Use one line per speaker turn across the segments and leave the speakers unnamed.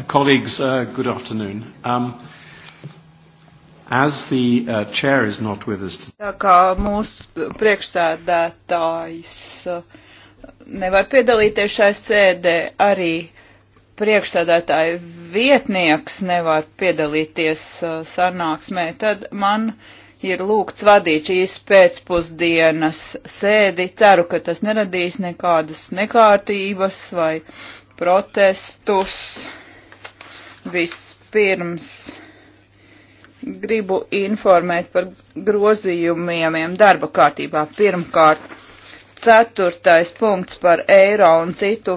Uh, colleagues, uh, good afternoon. Um, as the uh, chair is not with us today.
Tā kā mūsu priekšsēdētājs uh, nevar piedalīties šai sēdē, arī priekšsēdētāja vietnieks nevar piedalīties uh, sanāksmē, tad man ir lūgts vadīt šīs pēcpusdienas sēdi. Ceru, ka tas neradīs nekādas nekārtības vai protestus. Vispirms gribu informēt par grozījumiem darba kārtībā. Pirmkārt, ceturtais punkts par eiro un citu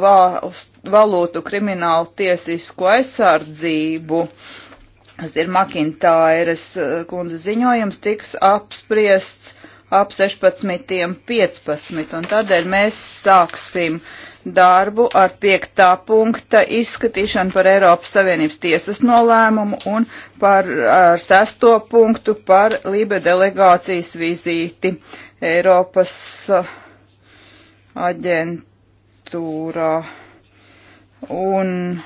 valūtu kriminālu tiesisko aizsardzību. Tas ir Makintāras eh, kundze ziņojums, tiks apspriests ap 16.15. Un tādēļ mēs sāksim uh, darbu ar piektā punkta izskatīšanu par Eiropas Savienības tiesas nolēmumu un par ar sesto punktu par Lībe delegācijas vizīti Eiropas uh, aģentūrā. Un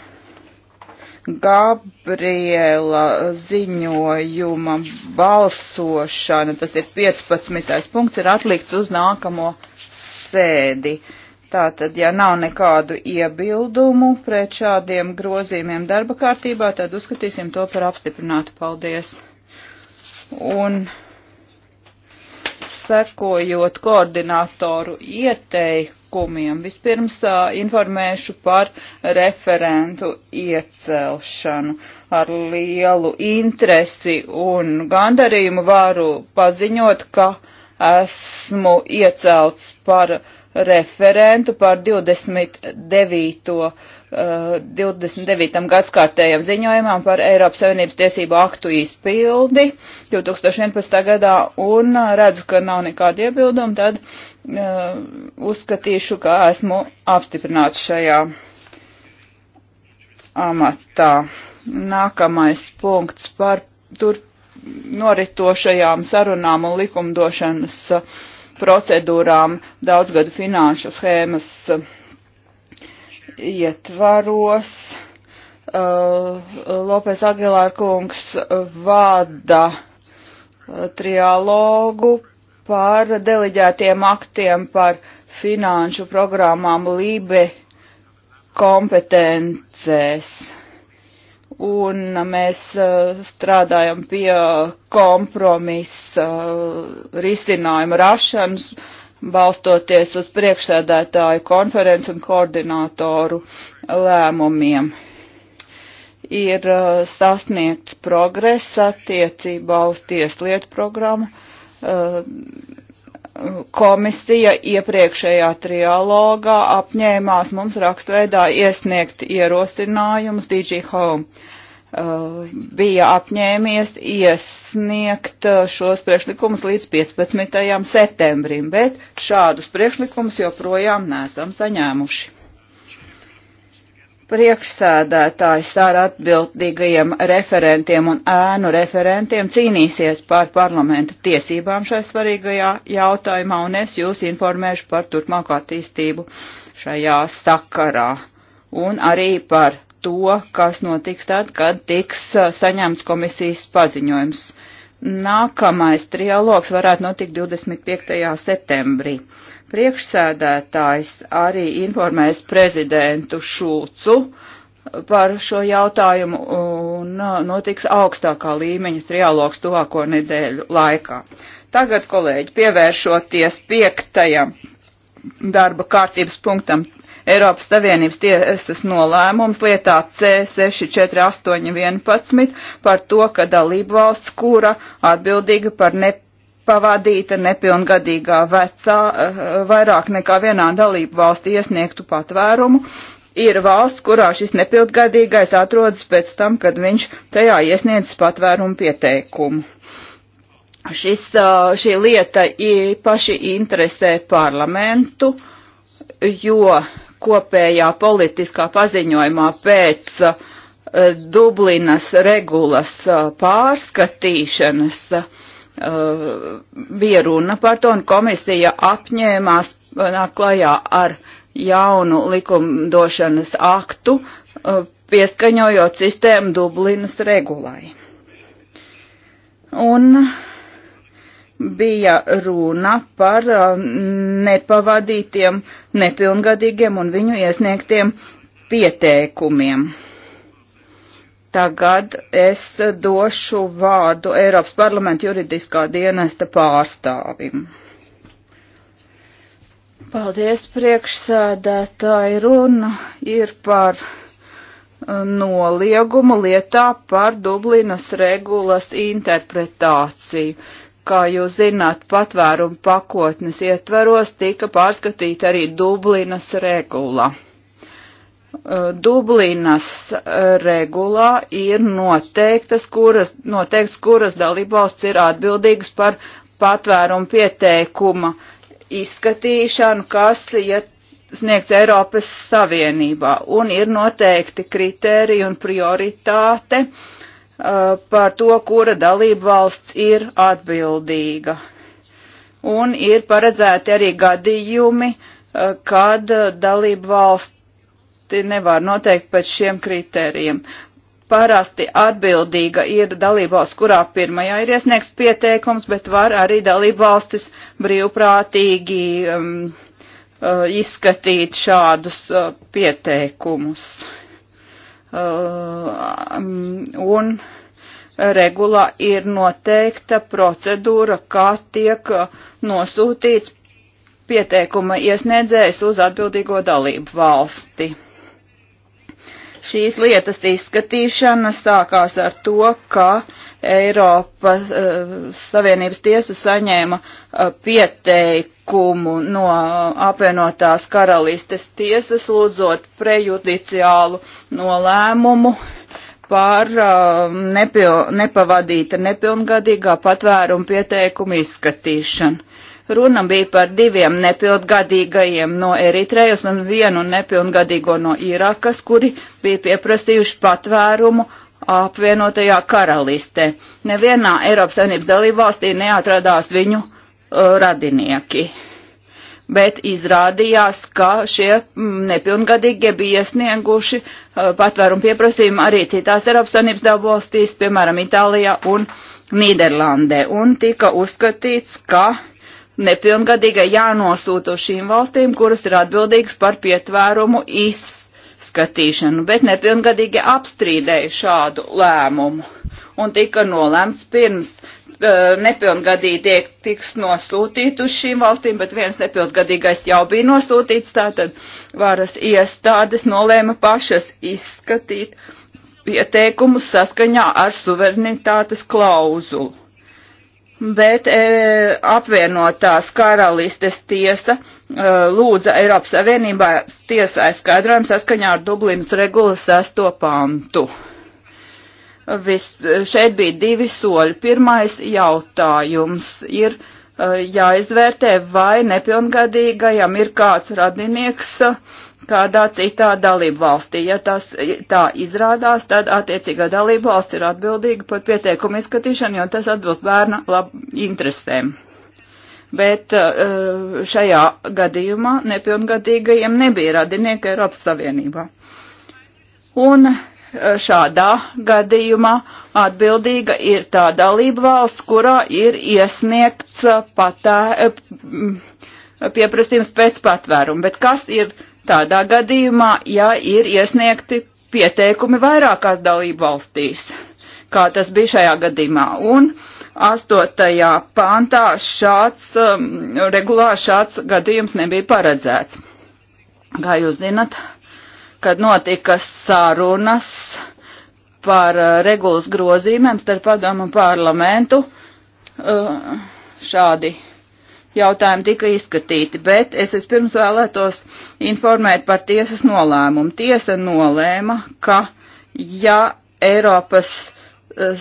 Gabriela ziņojuma balsošana, tas ir 15. punkts, ir atlikts uz nākamo sēdi. Tātad, ja nav nekādu iebildumu pret šādiem grozījumiem darba kārtībā, tad uzskatīsim to par apstiprinātu. Paldies! Un sekojot koordinatoru ieteikumiem, vispirms informēšu par referentu iecelšanu. Ar lielu interesi un gandarījumu varu paziņot, ka esmu iecelts par referentu referentu par 29. 29. gadskārtējiem ziņojumam par Eiropas Savienības tiesību aktu izpildi 2011. gadā un eh, redzu, ka nav nekāda iebilduma, tad uh, uzskatīšu, ka esmu apstiprināts šajā amatā. Nākamais punkts par tur noritošajām sarunām un likumdošanas uh, procedūrām daudzgadu finanšu schēmas ietvaros. Uh, Lopes Agilārkungs vada uh, trialogu par deleģētiem aktiem par finanšu programmām Lībe kompetencēs un mēs eh, strādājam pie kompromisa eh, risinājuma rašanas, balstoties uz priekšsēdētāju konferenci un koordinātoru lēmumiem. Ir eh, sasniegts progress attiecībā uz tieslietu programmu komisija iepriekšējā trialogā apņēmās mums rakstveidā iesniegt ierosinājumus DG Home. Uh, bija apņēmies iesniegt uh, šos priekšlikumus līdz 15. septembrim, bet šādus priekšlikumus joprojām nesam saņēmuši priekšsēdētājs ar atbildīgajiem referentiem un ēnu referentiem cīnīsies par parlamenta tiesībām šai svarīgajā jautājumā, un es jūs informēšu par turpmāko attīstību šajā sakarā. Un arī par to, kas notiks tad, kad tiks uh, saņemts komisijas paziņojums. Nākamais trialogs varētu notikt 25. septembrī. Priekšsēdētājs arī informēs prezidentu Šulcu par šo jautājumu un uh, notiks augstākā līmeņa trialogs tuvāko nedēļu laikā. Tagad, kolēģi, pievēršoties piektajam darba kārtības punktam Eiropas Savienības tiesas nolēmums lietā C64811 par to, ka dalību valsts, kura atbildīga par nepilnību, pavadīta nepilngadīgā vecā eh, vairāk nekā vienā dalību valstī iesniegtu patvērumu. Ir valsts, kurā šis nepilngadīgais atrodas pēc tam, kad viņš tajā iesniedz patvērumu pieteikumu. Šis, eh, šī lieta īpaši interesē parlamentu, jo kopējā politiskā paziņojumā pēc eh, Dublinas regulas pārskatīšanas uh, Uh, bija runa par to, un komisija apņēmās uh, nāk klajā ar jaunu likumdošanas aktu, uh, pieskaņojot sistēmu Dublinas regulai. Un bija runa par nepavadītiem, nepilngadīgiem un viņu iesniegtiem pieteikumiem. Tagad es došu vārdu Eiropas parlamenta juridiskā dienesta pārstāvim. Paldies, priekšsēdētāji. Runa ir par uh, noliegumu lietā par Dublinas regulas interpretāciju. Kā jūs zināt, patvērumu pakotnes ietvaros tika pārskatīta arī Dublinas regula. Eh, Dublinas eh, regulā ir noteiktas, kuras, noteikts, kuras dalībvalsts ir atbildīgas par patvērumu pieteikuma izskatīšanu, kas ja sniegts Eiropas Savienībā, un ir noteikti kriteriji un prioritāte uh, par to, kura dalība valsts ir atbildīga. Un ir paredzēti arī gadījumi, uh, kad dalība valsts parasti nevar noteikt pēc šiem kritērijiem. Parasti atbildīga ir dalībvalsts, kurā pirmajā ir iesniegts pieteikums, bet var arī dalībvalstis brīvprātīgi um, uh, izskatīt šādus uh, pieteikumus. Uh, um, un regulā ir noteikta procedūra, kā tiek uh, nosūtīts pieteikuma iesniedzējs uz atbildīgo dalību valsti šīs lietas izskatīšana sākās ar to, ka Eiropas uh, Savienības tiesa saņēma uh, pieteikumu no eh, apvienotās karalistes tiesas lūdzot prejudiciālu nolēmumu par uh, nepil, nepavadīta nepilngadīgā patvērumu pieteikumu izskatīšanu. Runa bija par diviem nepilngadīgajiem no Eritrejas un vienu nepilngadīgo no Irakas, kuri bija pieprasījuši patvērumu apvienotajā karalistē. Nevienā Eiropas Savienības dalībvalstī neatradās viņu uh, radinieki bet izrādījās, ka šie mm, nepilngadīgie bija iesnieguši uh, patvērumu pieprasījumu arī citās Eiropas Savienības dalībvalstīs, piemēram, Itālijā un Nīderlandē, un tika uzskatīts, ka nepilngadīgai jānosūta uz šīm valstīm, kuras ir atbildīgas par pietvērumu izskatīšanu, bet nepilngadīgi apstrīdēja šādu lēmumu. Un tika nolēmts pirms e, nepilngadīgi tiek, tiks nosūtīti uz šīm valstīm, bet viens nepilngadīgais jau bija nosūtīts, tātad varas iestādes nolēma pašas izskatīt pieteikumus saskaņā ar suverenitātes klauzulu bet e, apvienotās karalistes tiesa e, lūdza Eiropas Savienībā tiesai skaidrojumu saskaņā ar Dublinas regulas sesto pantu. Vis, šeit bija divi soļi. Pirmais jautājums ir e, jāizvērtē, vai nepilngadīgajam ir kāds radinieks. E, kādā citā dalību valstī. Ja tas tā izrādās, tad attiecīgā dalību valsts ir atbildīga par pieteikumu izskatīšanu, jo tas atbilst bērna lab interesēm. Bet eh, šajā gadījumā nepilngadīgajiem nebija radinieka Eiropas Savienībā. Un eh, šādā gadījumā atbildīga ir tā dalība valsts, kurā ir iesniegts patē, eh, pieprasījums pēc patvērumu. Bet kas ir tādā gadījumā, ja ir iesniegti pieteikumi vairākās dalību valstīs, kā tas bija šajā gadījumā. Un astotajā pāntā šāds, um, regulāri šāds gadījums nebija paredzēts. Kā jūs zinat, kad notika sarunas par uh, regulas grozīmēm starp padomu parlamentu, uh, šādi jautājumi tika izskatīti, bet es vispirms vēlētos informēt par tiesas nolēmumu. Tiesa nolēma, ka ja Eiropas eh,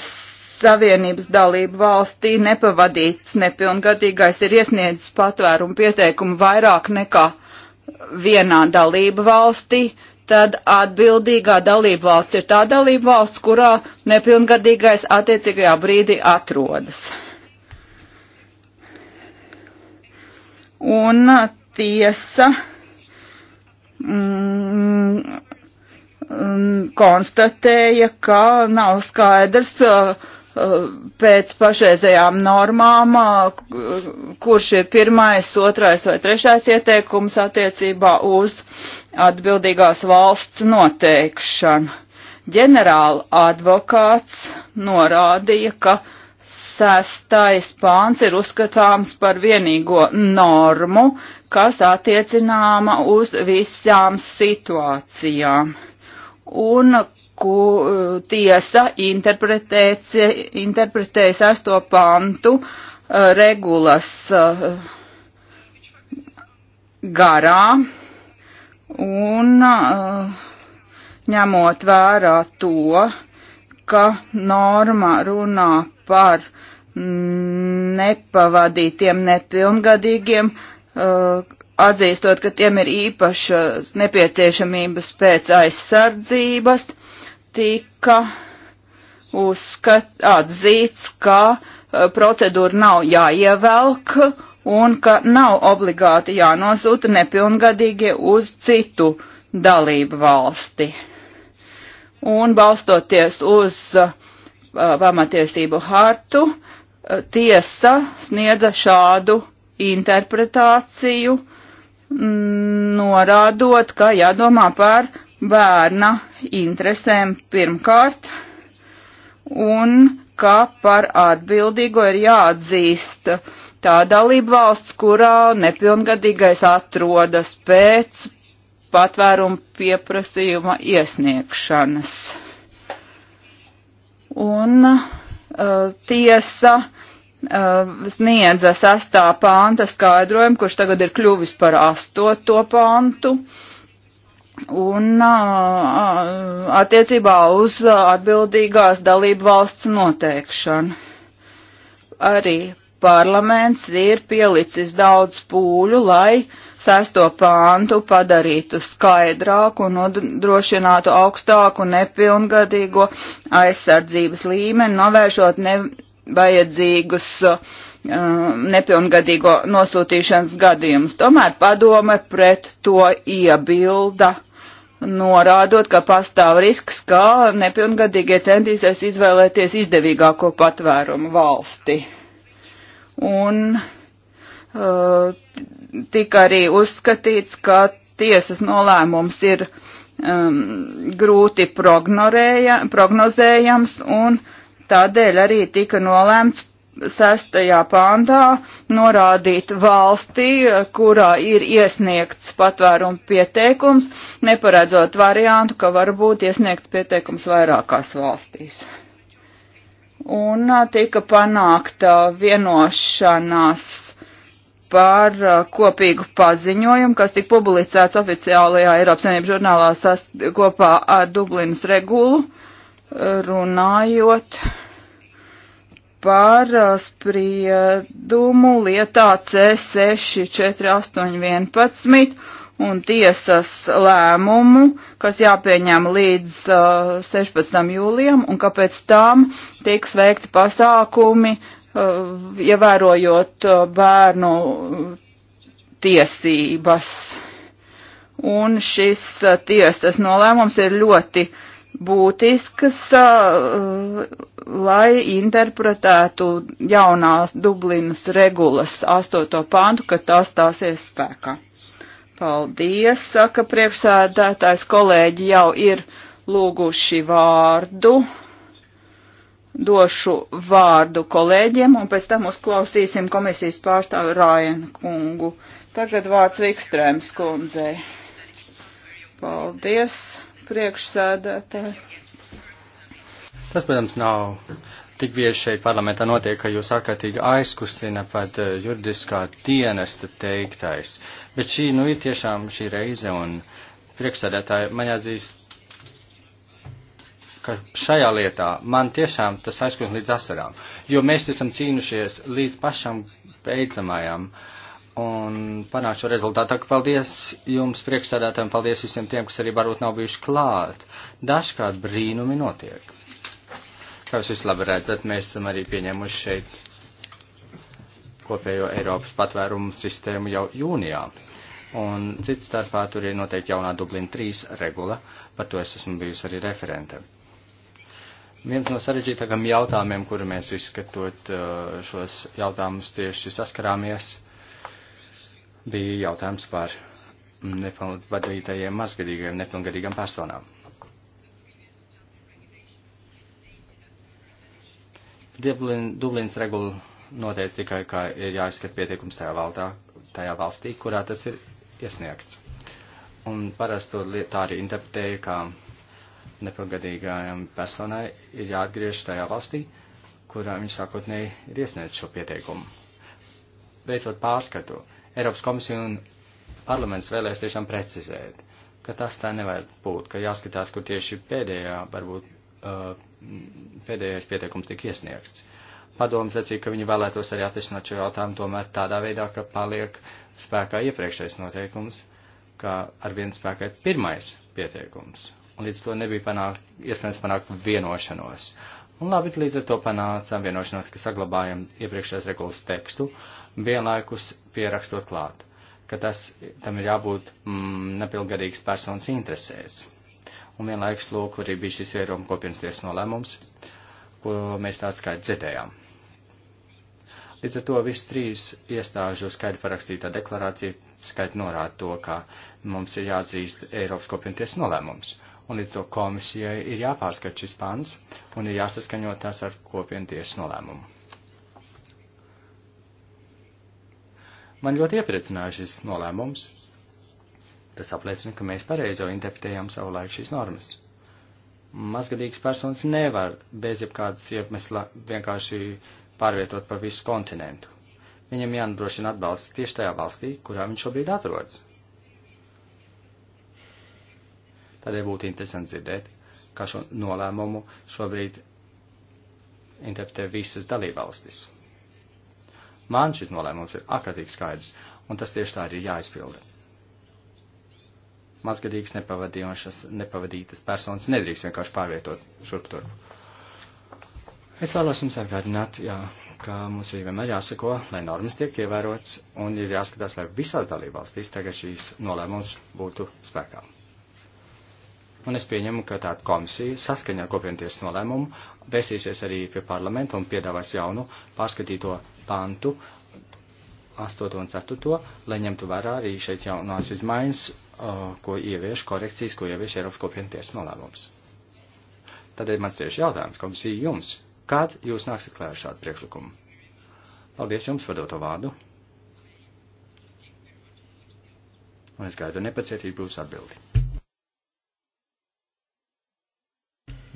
Savienības dalību valstī nepavadīts nepilngadīgais ir iesniedzis patvērumu pieteikumu vairāk nekā vienā dalību valstī, tad atbildīgā dalība valsts ir tā dalība valsts, kurā nepilngadīgais attiecīgajā brīdī atrodas. un uh, tiesa mm, mm, konstatēja, ka nav skaidrs uh, uh, pēc pašreizējām normām, kurš ir pirmais, otrais vai trešais ieteikums attiecībā uz atbildīgās valsts noteikšanu. Ģenerāla advokāts norādīja, ka uh, sestais pāns ir uzskatāms par vienīgo normu, kas attiecināma uz visām situācijām. Un ku, tiesa interpretē, interpretē sesto pantu uh, regulas uh, garā un uh, ņemot vērā to, ka norma runā par nepavadītiem nepilngadīgiem, uh, atzīstot, ka tiem ir īpašas nepieciešamības pēc aizsardzības, tika uzskat, atzīts, ka uh, procedūra nav jāievelk un ka nav obligāti jānosūta nepilngadīgie uz citu dalību valsti. Un balstoties uz uh, pamatiesību hartu, uh, tiesa sniedza šādu interpretāciju, norādot, ka jādomā par bērna interesēm pirmkārt un ka par atbildīgo ir jāatzīst tā dalība valsts, kurā nepilngadīgais atrodas pēc patvērumu pieprasījuma iesniegšanas. Un uh, tiesa uh, Uh, sniedza sastā panta skaidrojumu, kurš tagad ir kļuvis par astoto pantu. Un uh, uh, attiecībā uz atbildīgās dalību valsts noteikšanu. Arī parlaments ir pielicis daudz pūļu, lai sesto pāntu padarītu skaidrāku un nodrošinātu augstāku nepilngadīgo aizsardzības līmeni, novēršot ne vajadzīgus uh, nepilngadīgo nosūtīšanas gadījumus. Tomēr padome pret to iebilda, norādot, ka pastāv risks, ka nepilngadīgie centīsies izvēlēties izdevīgāko patvērumu valsti. Un uh, tika arī uzskatīts, ka tiesas nolēmums ir um, grūti prognozējams un uh, Tādēļ arī tika nolēmts sestajā pāntā norādīt valstī, kurā ir iesniegts patvērumu pieteikums, neparedzot variantu, ka var būt iesniegts pieteikums vairākās valstīs. Un tika panākta vienošanās par kopīgu paziņojumu, kas tika publicēts oficiālajā Eiropas Savienības žurnālā sast, kopā ar Dublinas regulu. Uh, runājot par uh, spriedumu lietā C64811 un tiesas lēmumu, kas jāpieņem līdz uh, 16. jūlijam, un ka pēc tam tiks veikti pasākumi, uh, ievērojot uh, bērnu tiesības. Un šis uh, tiesas nolēmums ir ļoti uh, būtiskas, uh, lai interpretētu jaunās Dublinas regulas 8. pantu, kad tās stāsies spēkā. Paldies, saka priekšsēdētājs, kolēģi jau ir lūguši vārdu. Došu vārdu kolēģiem un pēc tam uzklausīsim komisijas pārstāvu Rājenu kungu. Tagad vārds Vikstrēms kundzei. Paldies priekšsēdētāji.
Tas, protams, nav tik bieži šeit parlamentā notiek, ka jūs ārkārtīgi aizkustina pat eh, juridiskā dienesta teiktais. Bet šī, nu, ir tiešām šī reize, un priekšsēdētāji man jāatzīst, ka šajā lietā man tiešām tas aizkustina līdz asarām, jo mēs esam cīnušies līdz pašam beidzamajam. Uh, un panākt šo rezultātu. Tā kā paldies jums priekšsādātājiem, paldies visiem tiem, kas arī varbūt nav bijuši klāt. Dažkārt brīnumi notiek. Kā jūs visi labi redzat, mēs esam arī pieņēmuši šeit kopējo Eiropas patvērumu sistēmu jau jūnijā. Un cits starpā tur ir noteikti jaunā Dublina 3 regula, par to es esmu bijusi arī referente. Viens no sarežģītākajiem jautājumiem, kuru mēs izskatot eh, šos jautājumus tieši saskarāmies, bija jautājums par nepilngadīgajiem, mazgadīgajiem, nepilngadīgām personām. Dublin, Dublins regula noteica tikai, ka ir jāizskat pieteikums tajā, valdā, tajā valstī, kurā tas ir iesniegts. Un parasti tā arī interpretēja, ka nepilngadīgajam personai ir jāatgriež tajā valstī, kurā viņš sākotnēji ir iesniegts šo pieteikumu. Veicot pārskatu, Eiropas komisija un parlaments vēlēs tiešām precizēt, ka tas tā nevajag būt, ka jāskatās, kur tieši pēdējā, varbūt uh, pēdējais pieteikums tika iesniegts. Padoms sacīja, ka viņi vēlētos arī atrisināt šo jautājumu tomēr tādā veidā, ka paliek spēkā iepriekšējais noteikums, ka ar vienu spēkā ir pirmais pieteikums. Un līdz to nebija panākt, iespējams panākt vienošanos. Un labi, līdz ar to panācām vienošanos, ka saglabājam iepriekšējās regulas tekstu, vienlaikus pierakstot klāt, ka tas, tam ir jābūt mm, nepilngadīgas personas interesēs. Un vienlaikus lūk, arī bija šis vērojuma kopienas tiesas nolēmums, ko mēs tāds kā dzirdējām. Līdz ar to visu trīs iestāžu skaidri parakstītā deklarācija skaidri norāda to, ka mums ir jāatzīst Eiropas kopienas tiesas nolēmums un līdz to komisijai ir jāpārskat šis pants un ir jāsaskaņot tās ar kopienu tiesas nolēmumu. Man ļoti iepriecināja šis nolēmums. Tas apliecina, ka mēs pareizo interpretējām savu laiku šīs normas. Mazgadīgs personas nevar bez jebkādas iemesla vienkārši pārvietot pa visu kontinentu. Viņam jānodrošina atbalsts tieši tajā valstī, kurā viņš šobrīd atrodas. Tādēļ būtu interesanti dzirdēt, kā šo nolēmumu šobrīd interpretē visas dalībvalstis. Man šis nolēmums ir akatīgi skaidrs, un tas tieši tā arī ir jāizpilda. Mazgadīgas nepavadītas personas nedrīkst vienkārši pārvietot šurp turp. Es vēlos jums atgādināt, jā, ka mums ir vienmēr jāsako, lai normas tiek ievērots, un ir jāskatās, lai visās dalībvalstīs tagad šīs nolēmums būtu spēkā un es pieņemu, ka tāda komisija saskaņā kopienties nolēmumu vērsīsies arī pie parlamenta un piedāvās jaunu pārskatīto pantu 8 un 4, lai ņemtu vērā arī šeit jaunās izmaiņas, ko ievieš korekcijas, ko ievieš Eiropas kopienties nolēmums. Tādēļ mans tieši jautājums komisija jums. Kad jūs nāksiet klāt ar šādu priekšlikumu? Paldies jums par doto vārdu. Un es gaidu nepacietību jūsu atbildi.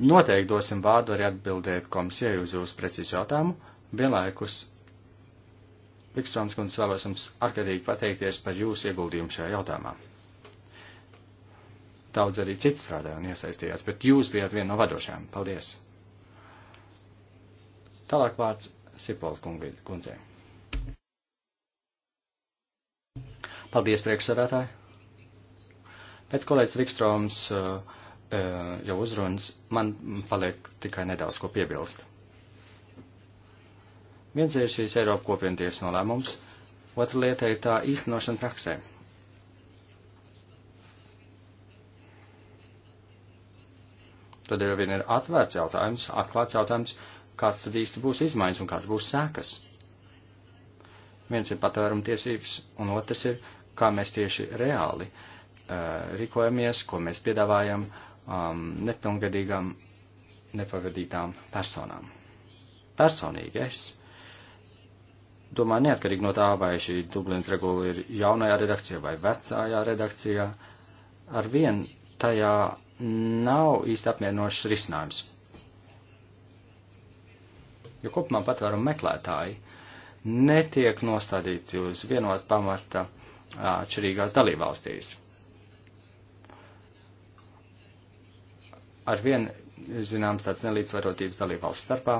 Noteikti dosim vārdu arī atbildēt komisijai uz jūsu precīzu jautājumu. Vienlaikus Vikstrāms kundze vēlos jums ārkārtīgi pateikties par jūsu ieguldījumu šajā jautājumā. Daudz arī cits strādāja un iesaistījās, bet jūs bijāt viena no vadošajām. Paldies! Tālāk vārds Sipola kundzei. Paldies, priekšsēdētāji! Pēc kolēģis Vikstrāms uh, Eh, jau uzrunas, man paliek tikai nedaudz ko piebilst. Viens ir šīs Eiropa kopienties nolēmums, otra lieta ir tā īstenošana praksē. Tad jau vien ir atvērts jautājums, atklāts jautājums, kāds tad īsti būs izmaiņas un kāds būs sēkas. Viens ir patvērumu tiesības, un otrs ir, kā mēs tieši reāli uh, rīkojamies, ko mēs piedāvājam, uh, um, nepilngadīgām, nepavadītām personām. Personīgi es domāju, neatkarīgi no tā, vai šī Dublinas regula ir jaunajā redakcijā vai vecajā redakcijā, ar vien tajā nav īsti apmierinošs risinājums. Jo kopumā patvērumu meklētāji netiek nostādīti uz vienotu pamata atšķirīgās dalībvalstīs. ar vien, zināms, tāds nelīdzvarotības dalībvalsts starpā,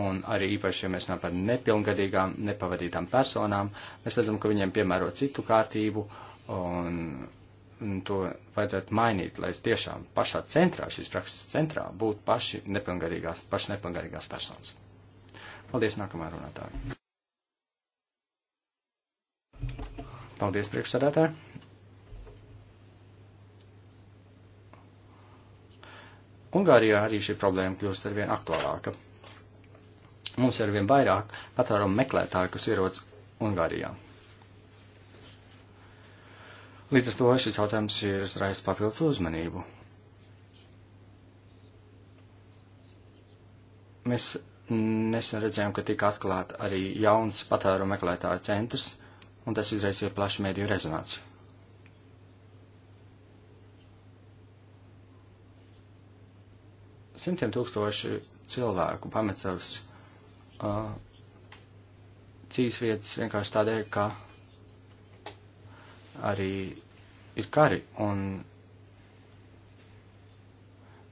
un arī īpaši, ja mēs runājam par nepilngadīgām, nepavadītām personām, mēs redzam, ka viņiem piemēro citu kārtību, un, un to vajadzētu mainīt, lai tiešām pašā centrā, šīs prakses centrā, būtu paši nepilngadīgās, paši nepilngadīgās personas. Paldies, nākamā runātāja. Paldies, priekšsādātāji. Ungārijā arī šī problēma kļūst arvien aktuālāka. Mums ir arvien vairāk patvērumu meklētāju, kas ierodas Ungārijā. Līdz ar to šis jautājums ir izraisa papildus uzmanību. Mēs nesen redzējām, ka tika atklāt arī jauns patēru meklētāju centrs, un tas izraisīja plašu mēdīju rezonāciju. Simtiem tūkstoši cilvēku pamet savas uh, dzīves vietas vienkārši tādēļ, ka arī ir kari un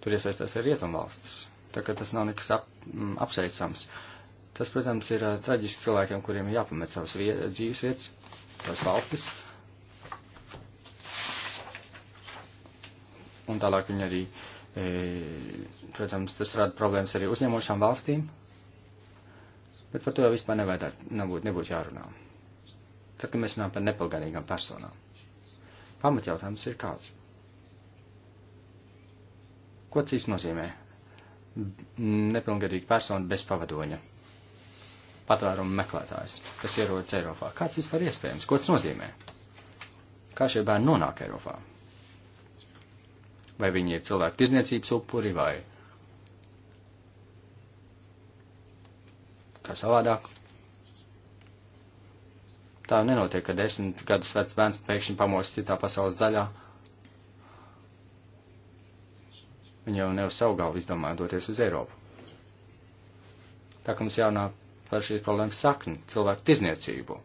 tur iesaistās arī rietumvalstis. Tā kā tas nav nekas ap, m, apsveicams. Tas, protams, ir uh, traģiski cilvēkiem, kuriem ir jāpamet savas viet, dzīves vietas, savas valstis. Un tālāk viņi arī uh, E, protams, tas rada problēmas arī uzņemošām valstīm, bet par to jau vispār nevajadzētu, nebūtu, nebūtu jārunā. Tad, kad mēs runājam par nepilngadīgām personām, pamatjautājums ir kāds. Ko cīs nozīmē nepilngadīga persona bez pavadoņa? Patvērumu meklētājs, kas ierodas Eiropā. Kāds vispār iespējams? Ko tas nozīmē? Kā šie bērni nonāk Eiropā? vai viņi ir cilvēku tirzniecības upuri, vai kā savādāk. Tā nenotiek, ka desmit gadus vecs bērns pēkšņi pamos citā pasaules daļā. Viņa jau ne uz savu galvu izdomāja doties uz Eiropu. Tā kā mums jārunā par šīs problēmas sakni - cilvēku tirzniecību.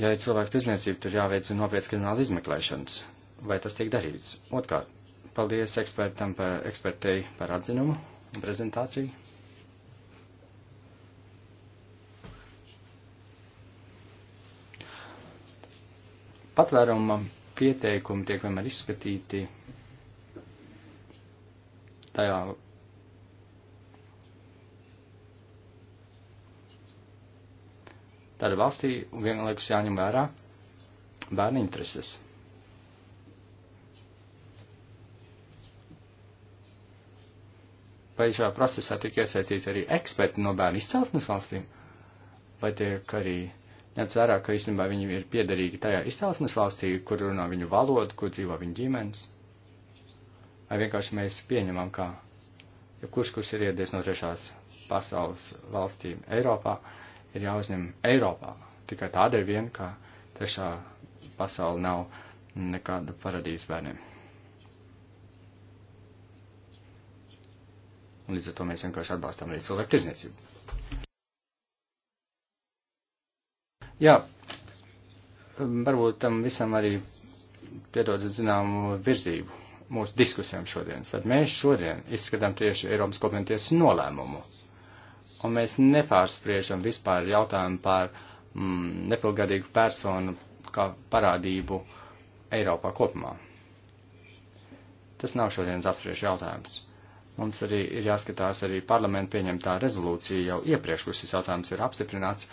Ja ir cilvēku tirzniecība, tur jāveic nopietnas krimināla izmeklēšanas, vai tas tiek darīts. Otkārt, paldies ekspertam par ekspertei par atzinumu un prezentāciju. Patvēruma pieteikumi tiek vienmēr izskatīti tajā tāda valstī vienlaikus jāņem vērā bērnu intereses. vai šajā procesā tiek iesaistīti arī eksperti no bērnu izcelsmes valstīm, vai tiek arī ņemts vērā, ka īstenībā viņi ir piederīgi tajā izcelsmes valstī, kur runā viņu valodu, kur dzīvo viņu ģimenes, vai vienkārši mēs pieņemam, ka ja kurš, kurš ir iedies no trešās pasaules valstīm Eiropā, ir jāuzņem Eiropā, tikai tādēļ vien, ka trešā pasaule nav nekāda paradīze bērniem. Un līdz ar to mēs vienkārši atbalstam arī cilvēku tirzniecību. Jā, um, varbūt tam visam arī piedod zināmu virzību mūsu diskusijām šodien. Tad mēs šodien izskatām tieši Eiropas kopienu tiesas nolēmumu. Un mēs nepārspriežam vispār jautājumu par mm, nepilngadīgu personu kā parādību Eiropā kopumā. Tas nav šodienas apspriešu jautājums. Mums arī ir jāskatās arī parlamentu pieņemtā rezolūcija jau iepriekš, kur šis jautājums ir apstiprināts.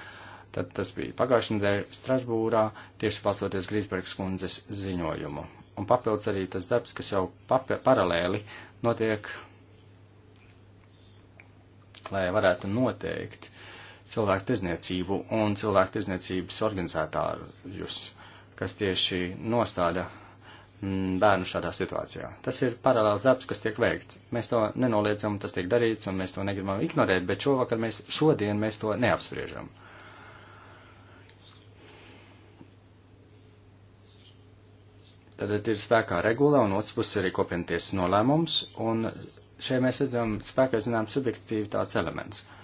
Tad tas bija pagājušajā nedēļā Strasbūrā, tieši balstoties Grīsbergas kundzes ziņojumu. Un papildus arī tas darbs, kas jau paralēli notiek, lai varētu noteikt cilvēku tirzniecību un cilvēku tirzniecības organizētājus, kas tieši nostāda Mm, bērnu šādā situācijā. Tas ir paralēls darbs, kas tiek veikts. Mēs to nenoliedzam, tas tiek darīts, un mēs to negribam ignorēt, bet šovakar mēs, šodien mēs to neapspriežam. Tad ir spēkā regula, un otrs puses arī kopienties nolēmums, un šeit mēs redzam spēkā, zinām, subjektivitātes elements. Uh,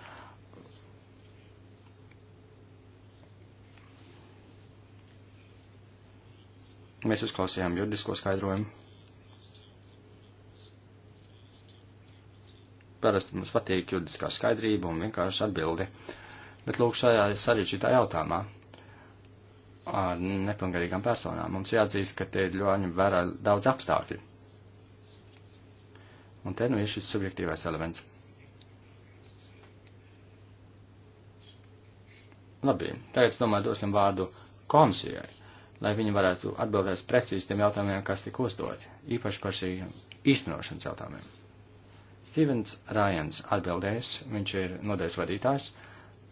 Mēs uzklausījām juridisko skaidrojumu. Parasti mums patīk juridiskā skaidrība un vienkārši atbildi. Bet lūk, šajā sarežģītā jautājumā ar nepilngadīgām personām mums jāatzīst, ka te ir ļoti vērā daudz apstākļu. Un te nu ir šis subjektīvais elements. Labi, tagad es domāju dosim vārdu komisijai lai viņi varētu atbildēt precīzi tiem jautājumiem, kas tika uzdoti, īpaši par šī īstenošanas jautājumiem. Stevens Rājans atbildēs, viņš ir nodeļas vadītājs,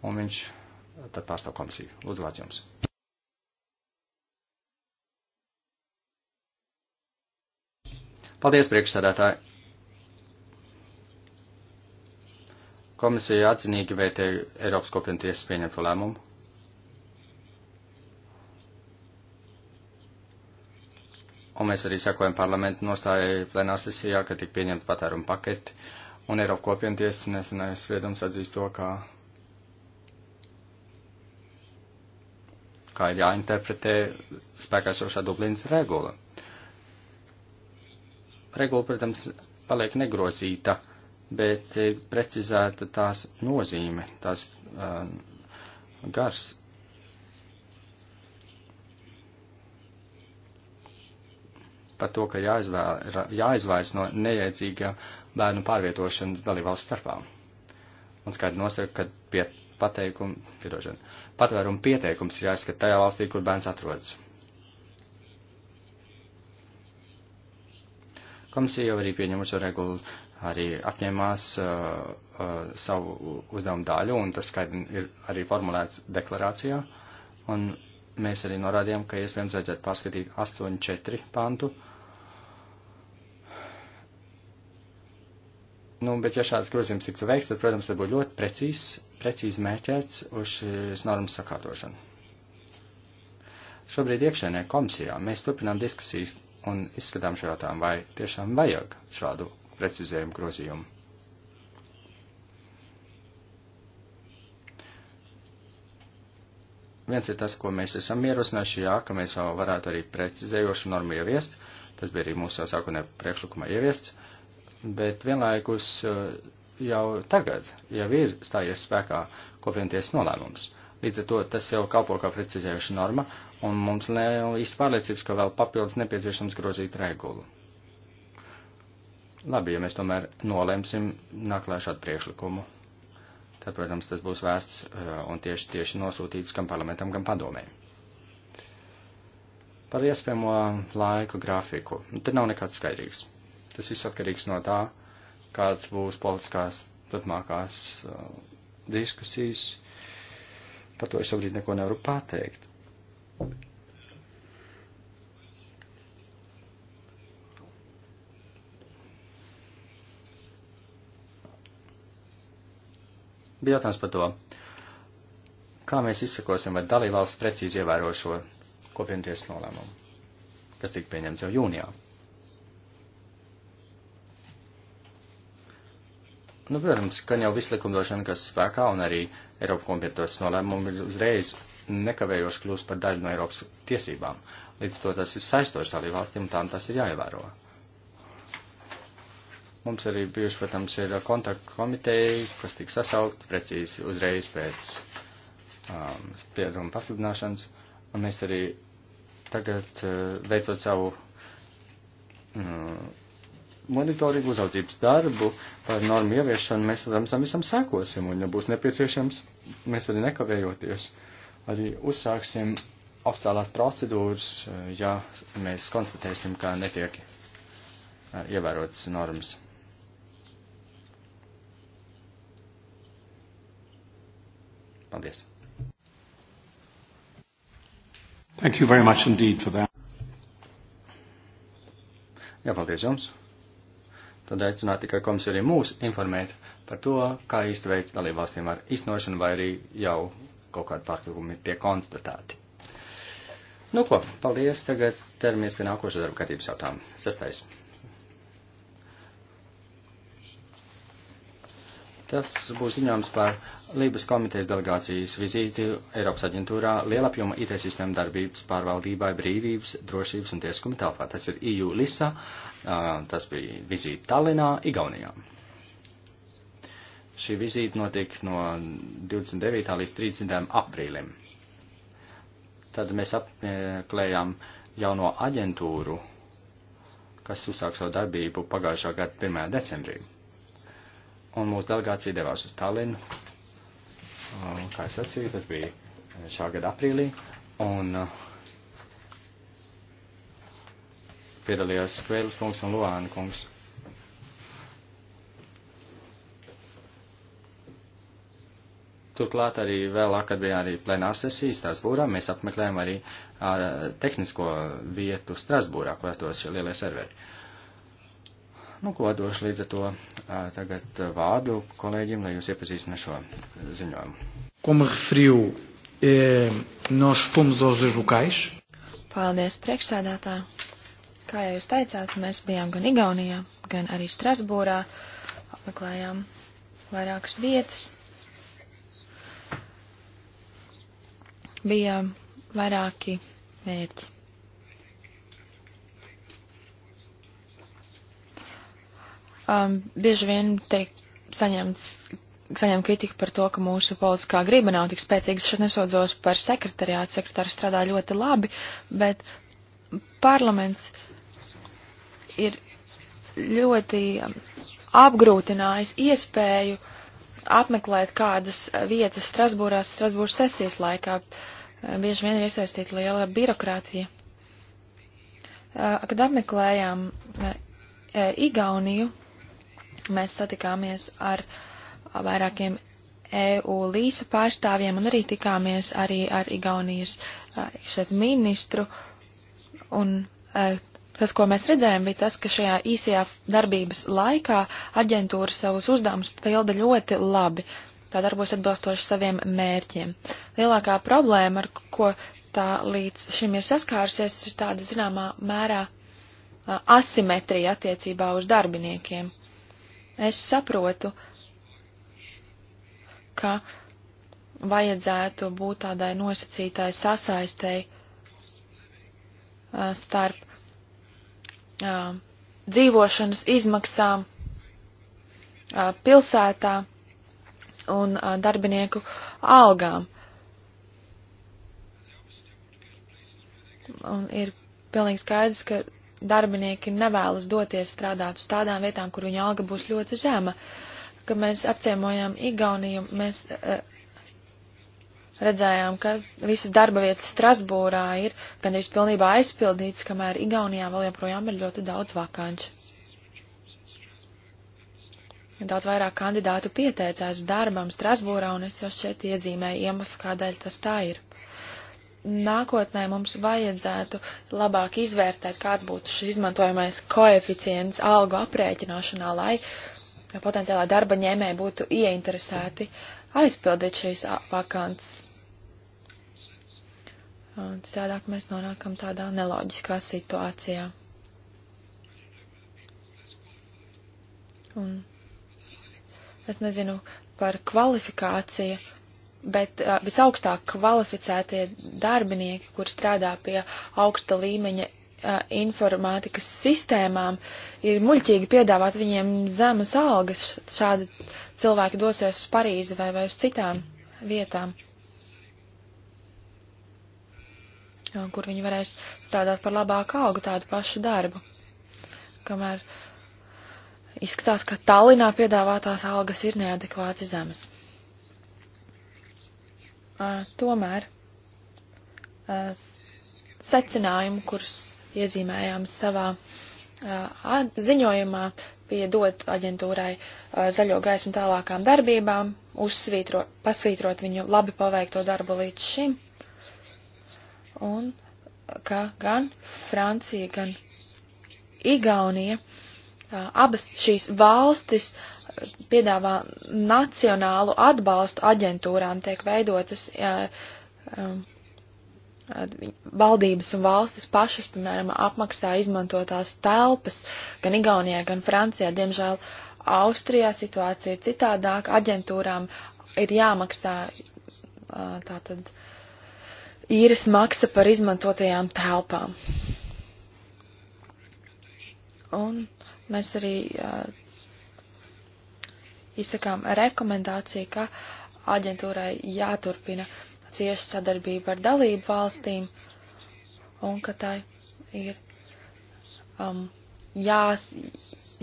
un viņš tad pārstāv komisiju. Lūdzu, vārds jums. Paldies, priekšsādātāji! Komisija atzinīgi vērtēja Eiropas kopienu tiesas pieņemto lēmumu un mēs arī sekojam parlamentu nostājai plenāsesijā, ka tik pieņemta patēruma paketi, un Eiropa kopienties nesenais spriedums atzīst to, kā, kā ir jāinterpretē spēkā sošā Dublīnas regula. Regula, protams, paliek negrozīta, bet ir precizēta tās nozīme, tās um, gars par to, ka jāizvēr, jāizvairs no neiedzīga bērnu pārvietošanas dalībvalstu starpā. Un skaidri nosaka, ka pie pateikumu, piedošana, patvērumu pieteikums ir jāizskata tajā valstī, kur bērns atrodas. Komisija jau arī pieņemušo regulu arī apņēmās uh, uh, savu uzdevumu daļu, un tas skaidri ir arī formulēts deklarācijā. Un Mēs arī norādījām, ka iespējams vajadzētu pārskatīt 8.4 pantu. Nu, bet ja šāds grozījums tiktu veikts, tad, protams, tad būtu ļoti precīzs, precīzi mērķēts uz šīs normas sakārtošanu. Šobrīd iekšēnē komisijā mēs turpinām diskusijas un izskatām šo jautājumu, vai tiešām vajag šādu precizējumu grozījumu. Viens ir tas, ko mēs esam ierosinājuši, jā, ka mēs jau varētu arī precizējošu normu ieviest, tas bija arī mūsu jau sākotnē priekšlikumā ieviests, bet vienlaikus eh, jau tagad, jau ir stājies spēkā kopienties nolēmums. Līdz ar to tas jau kalpo kā precizējuša norma, un mums nav īsti pārliecības, ka vēl papildus nepieciešams grozīt regulu. Labi, ja mēs tomēr nolēmsim nāklēšādu priekšlikumu tad, protams, tas būs vērsts eh, un tieši, tieši nosūtīts gan parlamentam, gan padomē. Par iespējamo laiku grafiku. Nu, te nav nekāds skaidrības. Tas viss atkarīgs no tā, kāds būs politiskās turpmākās uh, diskusijas. Par to es šobrīd neko nevaru pateikt. Bija jautājums par to, kā mēs izsakosim, vai dalībvalsts precīzi ievēro šo kopienties nolēmumu, kas tika pieņemts jau jūnijā. Nu, protams, ka jau viss likumdošana, kas spēkā un arī Eiropas kopientos nolēmumi ir uzreiz nekavējoši kļūst par daļu no Eiropas tiesībām. Līdz to tas ir saistoši dalībvalstīm, tām tas ir jāievēro. Mums arī bijuši, protams, ir kontaktu komiteja, kas tika sasaukt precīzi uzreiz pēc um, sprieduma pasludināšanas, un mēs arī tagad uh, veicot savu um, monitoringu uzraudzības darbu par normu ieviešanu, mēs, protams, tam visam sekosim, un, ja būs nepieciešams, mēs arī nekavējoties arī uzsāksim oficiālās procedūras, uh, ja mēs konstatēsim, ka netiek uh, ievērotas normas. Paldies! Thank you very much indeed for that. Jā, paldies jums. Tad aicināt tikai komisiju arī mūs informēt par to, kā īsti veids dalībvalstīm ar iznošanu vai arī jau kaut kādi pārkāpumi tiek konstatēti. Nu ko, paldies, tagad ķeramies pie nākošā darba kārtības jautājuma. Sestais. Tas būs ziņojums par Lībijas komitejas delegācijas vizīti Eiropas aģentūrā lielapjoma IT sistēma darbības pārvaldībai brīvības, drošības un tieskuma telpā. Tas ir EU LISA, tas bija vizīte Tallinā, Igaunijā. Šī vizīte notiek no 29. līdz 30. aprīlim. Tad mēs apmeklējām jauno aģentūru, kas uzsāk savu darbību pagājušā gada 1. decembrī un mūsu delegācija devās uz Tallinu. Un, kā es sacīju, tas bija šā gada aprīlī, un uh, piedalījās Kvēlis kungs un Luāna kungs. Turklāt arī vēlāk, kad bija arī plenāra sesija Strasbūrā, mēs apmeklējām arī ar, eh, tehnisko vietu Strasbūrā, kur atrodas šie lielie serveri. Uh, Nu, ko došu līdz ar to tagad vārdu kolēģim, lai jūs iepazīstinātu šo ziņojumu. Como referiu, eh, nós fomos aos dois locais.
Paldies, priekšsēdētā. Kā jau jūs teicāt, mēs bijām gan Igaunijā, gan arī Strasbūrā, apmeklējām vairākas vietas. Bija vairāki mērķi. um, bieži vien tiek saņemts, saņem kritiku par to, ka mūsu politiskā grība nav tik spēcīga. Es šeit nesodzos par sekretariātu, sekretārs strādā ļoti labi, bet parlaments ir ļoti um, apgrūtinājis iespēju apmeklēt kādas vietas Strasbūrā, Strasbūras sesijas laikā. Um, bieži vien ir iesaistīta liela birokrātija. Uh, kad apmeklējām uh, Igauniju, Mēs satikāmies ar vairākiem EU līsa pārstāvjiem un arī tikāmies arī ar Igaunijas šeit ministru. Un tas, ko mēs redzējām, bija tas, ka šajā īsajā darbības laikā aģentūra savus uzdevumus pilda ļoti labi. Tā darbos atbilstoši saviem mērķiem. Lielākā problēma, ar ko tā līdz šim ir saskārusies, ir tāda zināmā mērā asimetrija attiecībā uz darbiniekiem. Uh, Es saprotu, ka vajadzētu būt tādai nosacītai sasaistei uh, starp uh, dzīvošanas izmaksām uh, pilsētā un uh, darbinieku algām. Un ir pilnīgi skaidrs, ka darbinieki nevēlas doties strādāt uz tādām vietām, kur viņa alga būs ļoti zema. Kad mēs apciemojām Igauniju, mēs uh, redzējām, ka visas darba vietas Strasbūrā ir gandrīz pilnībā aizpildīts, kamēr Igaunijā vēl joprojām ir ļoti daudz vakanču. Daudz vairāk kandidātu pieteicās darbam Strasbūrā, un es jau šeit iezīmēju iemeslu, kādēļ tas tā ir nākotnē mums vajadzētu labāk izvērtēt, kāds būtu šis izmantojamais koeficients algu aprēķināšanā, lai potenciālā darba ņēmēji būtu ieinteresēti aizpildīt šīs vakants. Un citādāk mēs nonākam tādā neloģiskā situācijā. Un es nezinu par kvalifikāciju bet uh, visaugstāk kvalificētie darbinieki, kur strādā pie augsta līmeņa uh, informātikas sistēmām, ir muļķīgi piedāvāt viņiem zemas algas. Šādi cilvēki dosies uz Parīzi vai, vai uz citām vietām, uh, kur viņi varēs strādāt par labāku algu tādu pašu darbu. Kamēr izskatās, ka Tallinā piedāvātās algas ir neadekvāti zemes tomēr secinājumu, kurus iezīmējām savā ziņojumā, bija dot aģentūrai zaļo gaisu un tālākām darbībām, uzsvītro, pasvītrot viņu labi paveikto darbu līdz šim, un ka gan Francija, gan Igaunija uh, abas šīs valstis piedāvā nacionālu atbalstu aģentūrām, tiek veidotas valdības un valstis pašas, piemēram, apmaksā izmantotās telpas gan Igaunijā, gan Francijā. Diemžēl Austrijā situācija ir citādāka. Aģentūrām ir jāmaksā tātad īres maksa par izmantotajām telpām. Un Mēs arī izsakām rekomendāciju, ka aģentūrai jāturpina cieša sadarbība ar dalību valstīm un ka tai ir um, jās,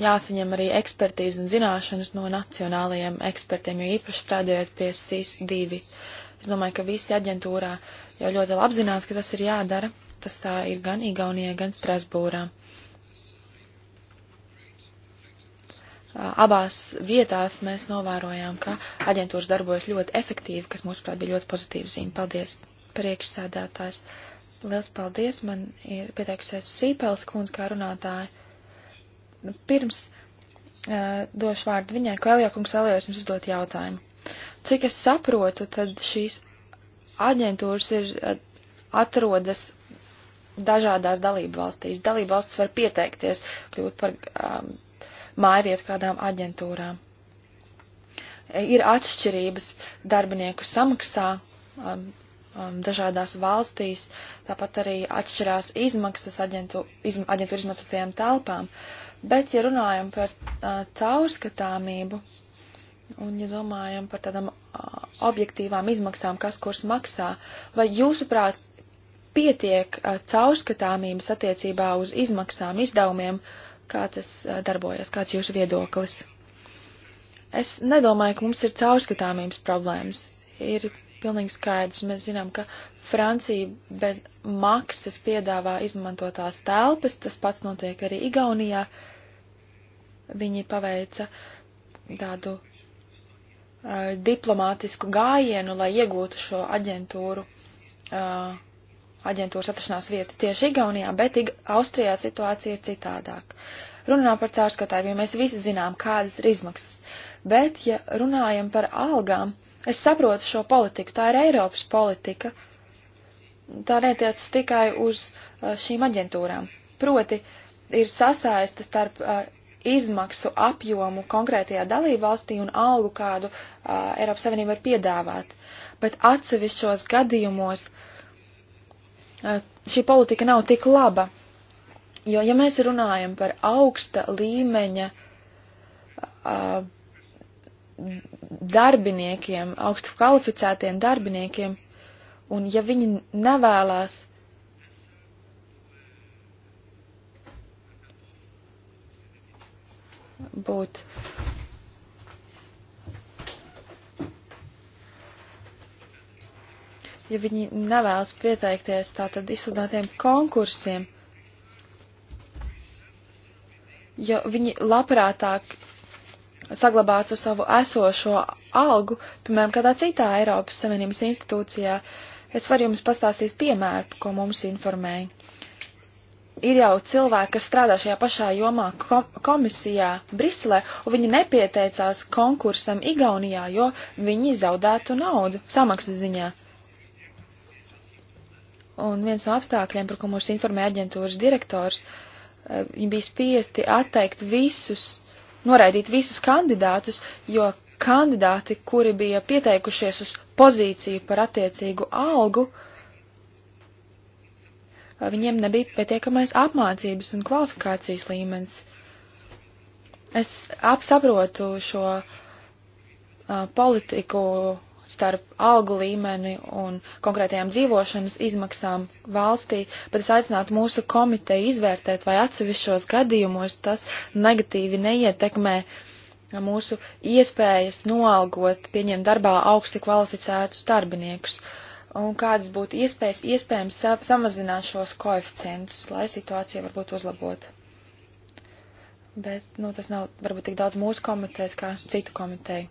jāsaņem arī ekspertīze un zināšanas no nacionālajiem ekspertiem, jo īpaši strādājot pie SIS-2. Es domāju, ka visi aģentūrā jau ļoti labi zinās, ka tas ir jādara. Tas tā ir gan Igaunijā, gan Strasbūrā. abās vietās mēs novērojām, ka aģentūras darbojas ļoti efektīvi, kas mūsuprāt bija ļoti pozitīva zīme. Paldies, priekšsēdētājs. Liels paldies, man ir pieteikusies Sīpels kundze kā runātāja. Nu, pirms uh, došu vārdu viņai, ko Elio kungs vēlējos jums uzdot jautājumu. Cik es saprotu, tad šīs aģentūras ir atrodas dažādās dalību valstīs. Dalību valstis var pieteikties kļūt par um, mājvietu kādām aģentūrām. Ir atšķirības darbinieku samaksā um, um, dažādās valstīs, tāpat arī atšķirās izmaksas aģentu, izm, aģentūru izmantotajām telpām. Bet, ja runājam par uh, caurskatāmību un ja domājam par tādām uh, objektīvām izmaksām, kas kurs maksā, vai jūsuprāt pietiek uh, caurskatāmības attiecībā uz izmaksām, izdevumiem, uh, kā tas darbojas, kāds jūsu viedoklis. Es nedomāju, ka mums ir caurskatāmības problēmas. Ir pilnīgi skaidrs, mēs zinām, ka Francija bez maksas piedāvā izmantotās telpas, tas pats notiek arī Igaunijā. Viņi paveica tādu uh, diplomātisku gājienu, lai iegūtu šo aģentūru uh, aģentūras atrašanās vietu tieši Igaunijā, bet Austrijā situācija ir citādāk. Runā par cārskatāju, jo mēs visi zinām, kādas ir izmaksas. Bet, ja runājam par algām, es saprotu šo politiku, tā ir Eiropas politika, tā netiec tikai uz uh, šīm aģentūrām. Proti, ir sasaiste starp uh, izmaksu apjomu konkrētajā dalībvalstī un algu, kādu uh, Eiropas Savienība var piedāvāt. Bet atsevišķos gadījumos uh, Eh, šī politika nav tik laba. Jo, ja mēs runājam par augsta līmeņa uh, darbiniekiem, augstu kvalificētiem darbiniekiem, un ja viņi nevēlās būt ja viņi nevēlas pieteikties tātad izsludinātiem konkursiem, jo viņi labprātāk saglabātu savu esošo algu, piemēram, kādā citā Eiropas Savienības institūcijā. Es varu jums pastāstīt piemēru, ko mums informēja. Ir jau cilvēki, kas strādā šajā pašā jomā komisijā Briselē, un viņi nepieteicās konkursam Igaunijā, jo viņi zaudētu naudu samaksas ziņā. Uh, Un viens no apstākļiem, par ko mūs informēja aģentūras direktors, eh, viņi bija spiesti atteikt visus, noraidīt visus kandidātus, jo kandidāti, kuri bija pieteikušies uz pozīciju par attiecīgu algu, eh, viņiem nebija pietiekamais apmācības un kvalifikācijas līmenis. Es apsaprotu šo uh, politiku starp algu līmeni un konkrētajām dzīvošanas izmaksām valstī, bet es aicinātu mūsu komiteju izvērtēt, vai atsevišķos gadījumos tas negatīvi neietekmē mūsu iespējas noalgot, pieņemt darbā augsti kvalificētus darbiniekus. Un kādas būtu iespējas iespējams sa samazināt šos koeficientus, lai situācija varbūt uzlabotu. Bet, nu, tas nav varbūt tik daudz mūsu komitejas kā citu komiteju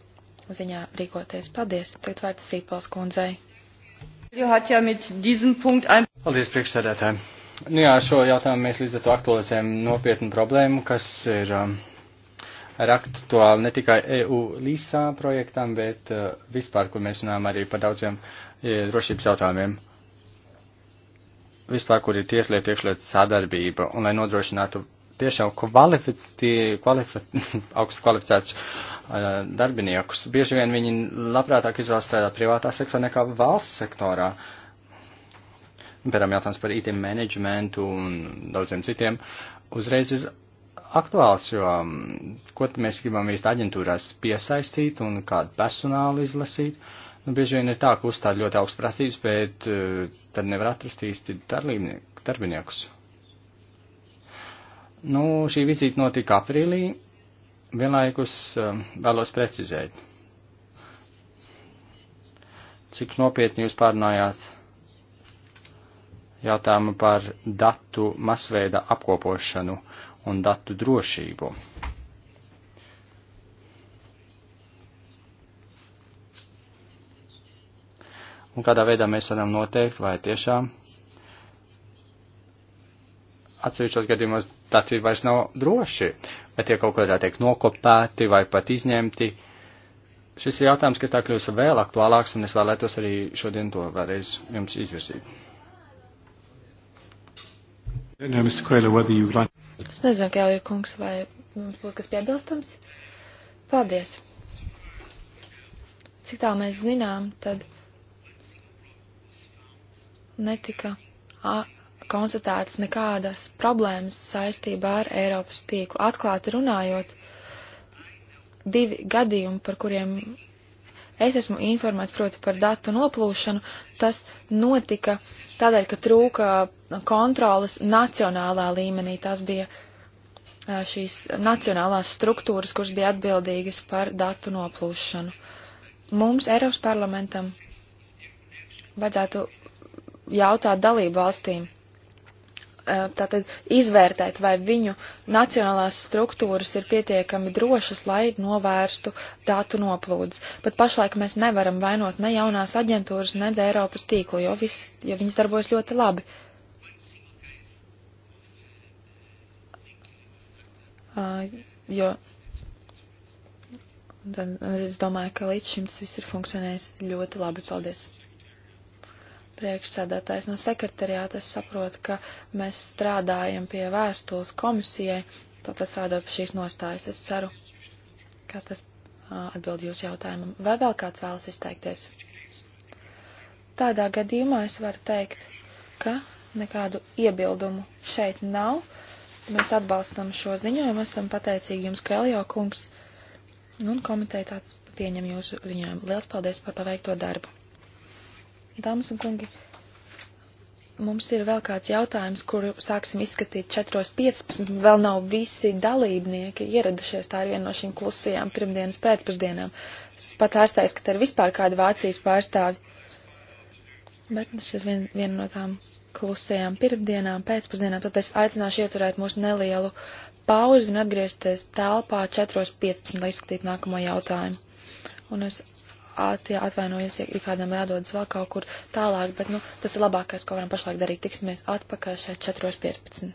ziņā rīkoties. Paldies! Tagad vārds Sīpals kundzei.
Paldies, priekšsēdētāji! Nu jā, šo jautājumu mēs līdz ar to aktualizējam nopietnu problēmu, kas ir um, ar aktuāli ne tikai EU līsā projektam, bet uh, vispār, kur mēs runājam arī par daudziem uh, drošības jautājumiem vispār, kur ir tieslietu iekšlietu sadarbība, un lai nodrošinātu tiešām kvalifi, augstu kvalificētus uh, darbiniekus. Bieži vien viņi labprātāk izvēlas strādāt privātā sektorā nekā valsts sektorā. Piemēram, jautājums par IT menedžmentu un daudziem citiem uzreiz ir aktuāls, jo um, ko mēs gribam īsti aģentūrās piesaistīt un kādu personālu izlasīt. Nu, bieži vien ir tā, ka uzstāda ļoti augsts prasības, bet uh, tad nevar atrast īsti darbiniekus. Nu, šī vizīte notika aprīlī, vienlaikus um, vēlos precizēt, cik nopietni jūs pārnājāt jautājumu par datu masveida apkopošanu un datu drošību. Un kādā veidā mēs varam noteikt, vai tiešām atsevišķos gadījumos dati vairs nav droši, vai tie kaut kādā tiek nokopēti vai pat izņemti. Šis ir jautājums, kas tā kļūst vēl aktuālāks, un es vēlētos arī šodien to vēlreiz jums izvirzīt. Es nezinu,
Kēlija kungs, vai jums būtu kas piebilstams? Paldies! Cik tā mēs zinām, tad netika konstatētas nekādas problēmas saistībā ar Eiropas tīklu. Atklāti runājot, divi gadījumi, par kuriem es esmu informēts, proti par datu noplūšanu, tas notika tādēļ, ka trūka kontrolas nacionālā līmenī. Tās bija šīs nacionālās struktūras, kuras bija atbildīgas par datu noplūšanu. Mums, Eiropas parlamentam, vajadzētu jautāt dalību valstīm, tātad izvērtēt, vai viņu nacionālās struktūras ir pietiekami drošas, lai novērstu datu noplūdes. Bet pašlaik mēs nevaram vainot ne jaunās aģentūras, ne Eiropas tīklu, jo, viss, jo viņas darbojas ļoti labi. Uh, jo tad es domāju, ka līdz šim tas viss ir funkcionējis ļoti labi. Paldies! priekšsēdētājs no sekretariāta. Es saprotu, ka mēs strādājam pie vēstules komisijai, tātad strādājot pie šīs nostājas. Es ceru, ka tas atbild jūsu jautājumam. Vai vēl kāds vēlas izteikties? Tādā gadījumā es varu teikt, ka nekādu iebildumu šeit nav. Mēs atbalstam šo ziņojumu, esam pateicīgi jums, Keljo kungs, un komiteja tā pieņem jūsu ziņojumu. Liels paldies par paveikto darbu! Dāmas un kungi, mums ir vēl kāds jautājums, kuru sāksim izskatīt 4.15. Vēl nav visi dalībnieki ieradušies. Tā ir viena no šīm klusajām pirmdienas pēcpusdienām. Es pat ārstājos, ka te ir vispār kāda Vācijas pārstāvi. Bet šis ir vien, viena no tām klusajām pirmdienām pēcpusdienām. Tad es aicināšu ieturēt mūsu nelielu pauzi un atgriezties telpā 4.15, lai izskatītu nākamo jautājumu. Un es at, atvainojos, ja ir kādam jādodas vēl kaut kur tālāk, bet, nu, tas ir labākais, ko varam pašlaik darīt. Tiksimies atpakaļ šeit 4.15.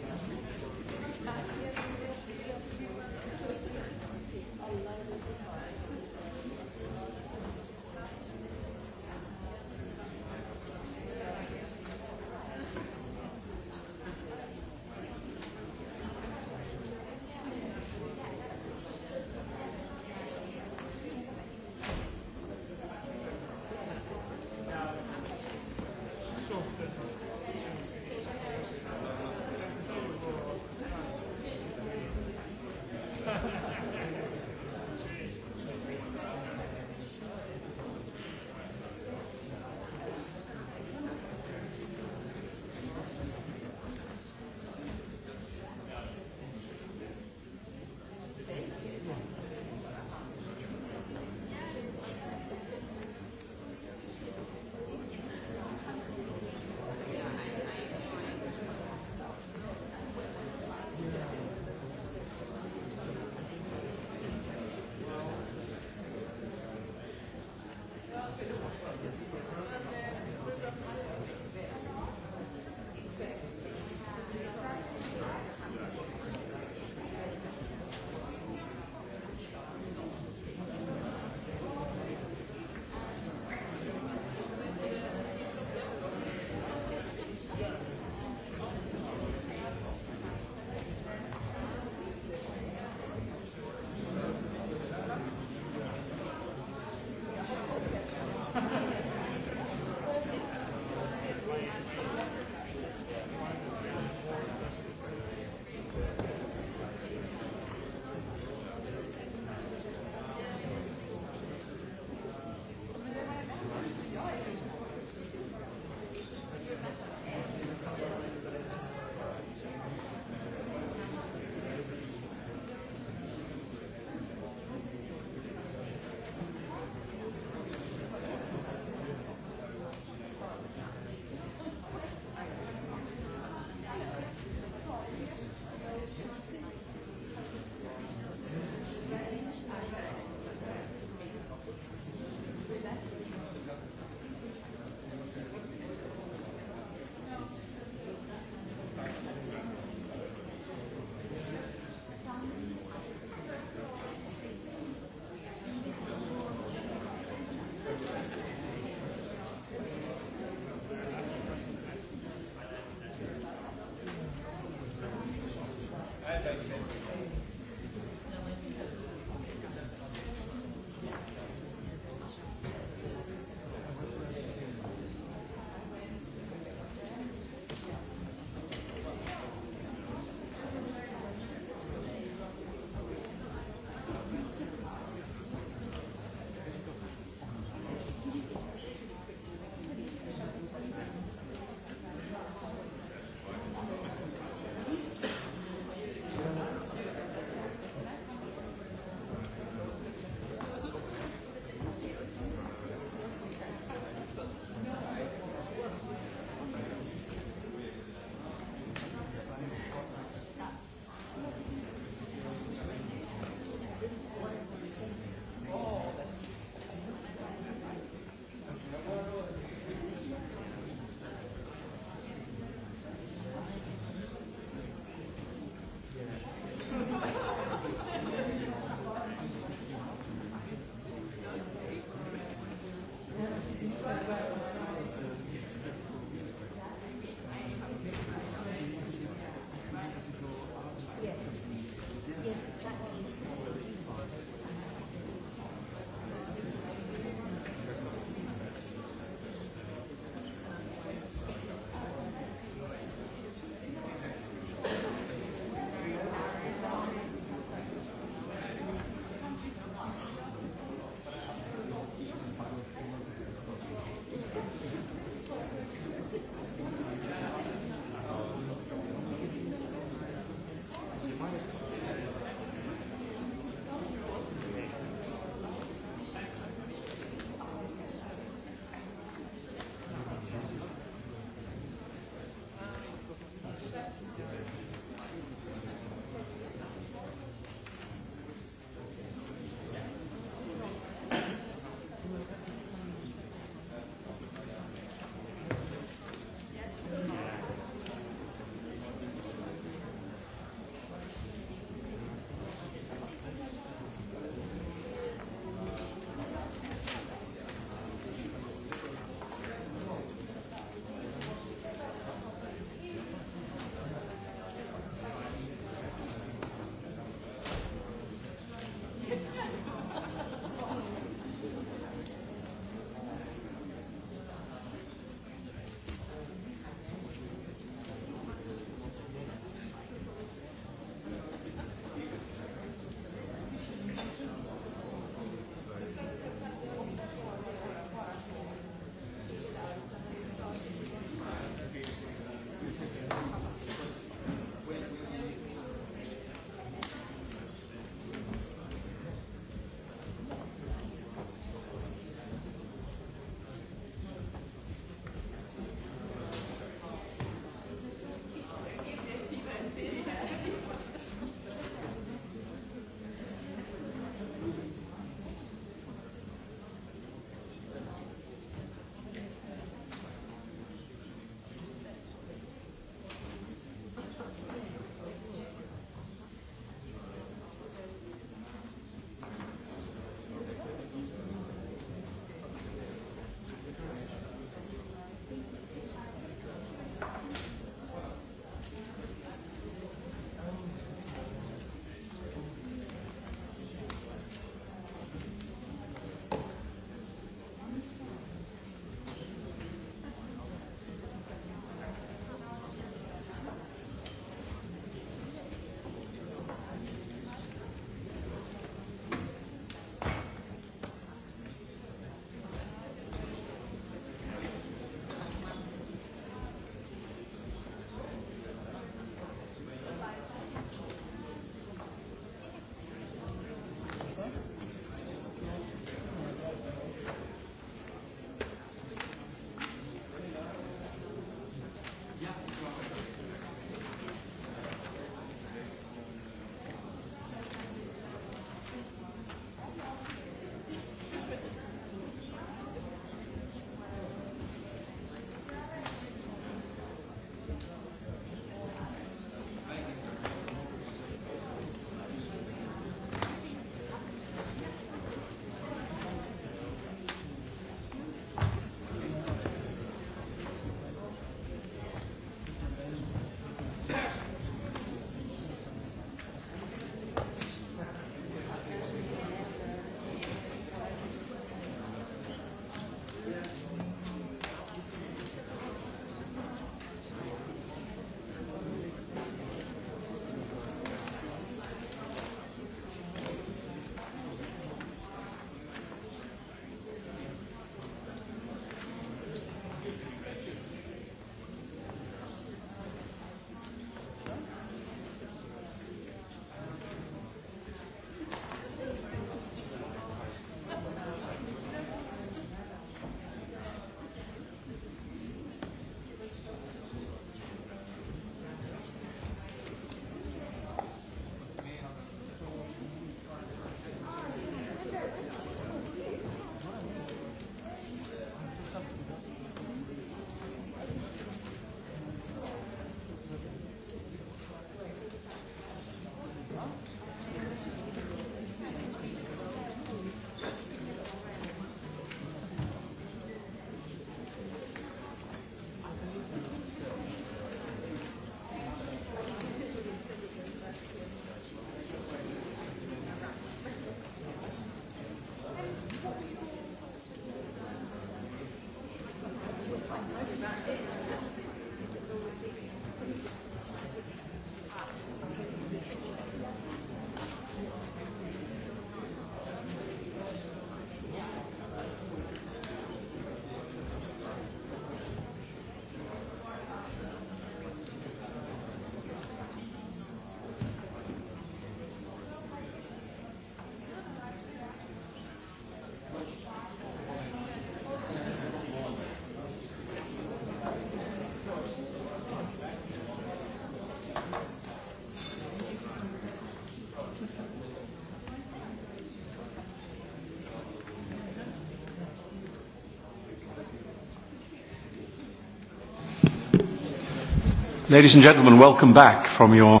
Ladies and gentlemen, welcome back from your.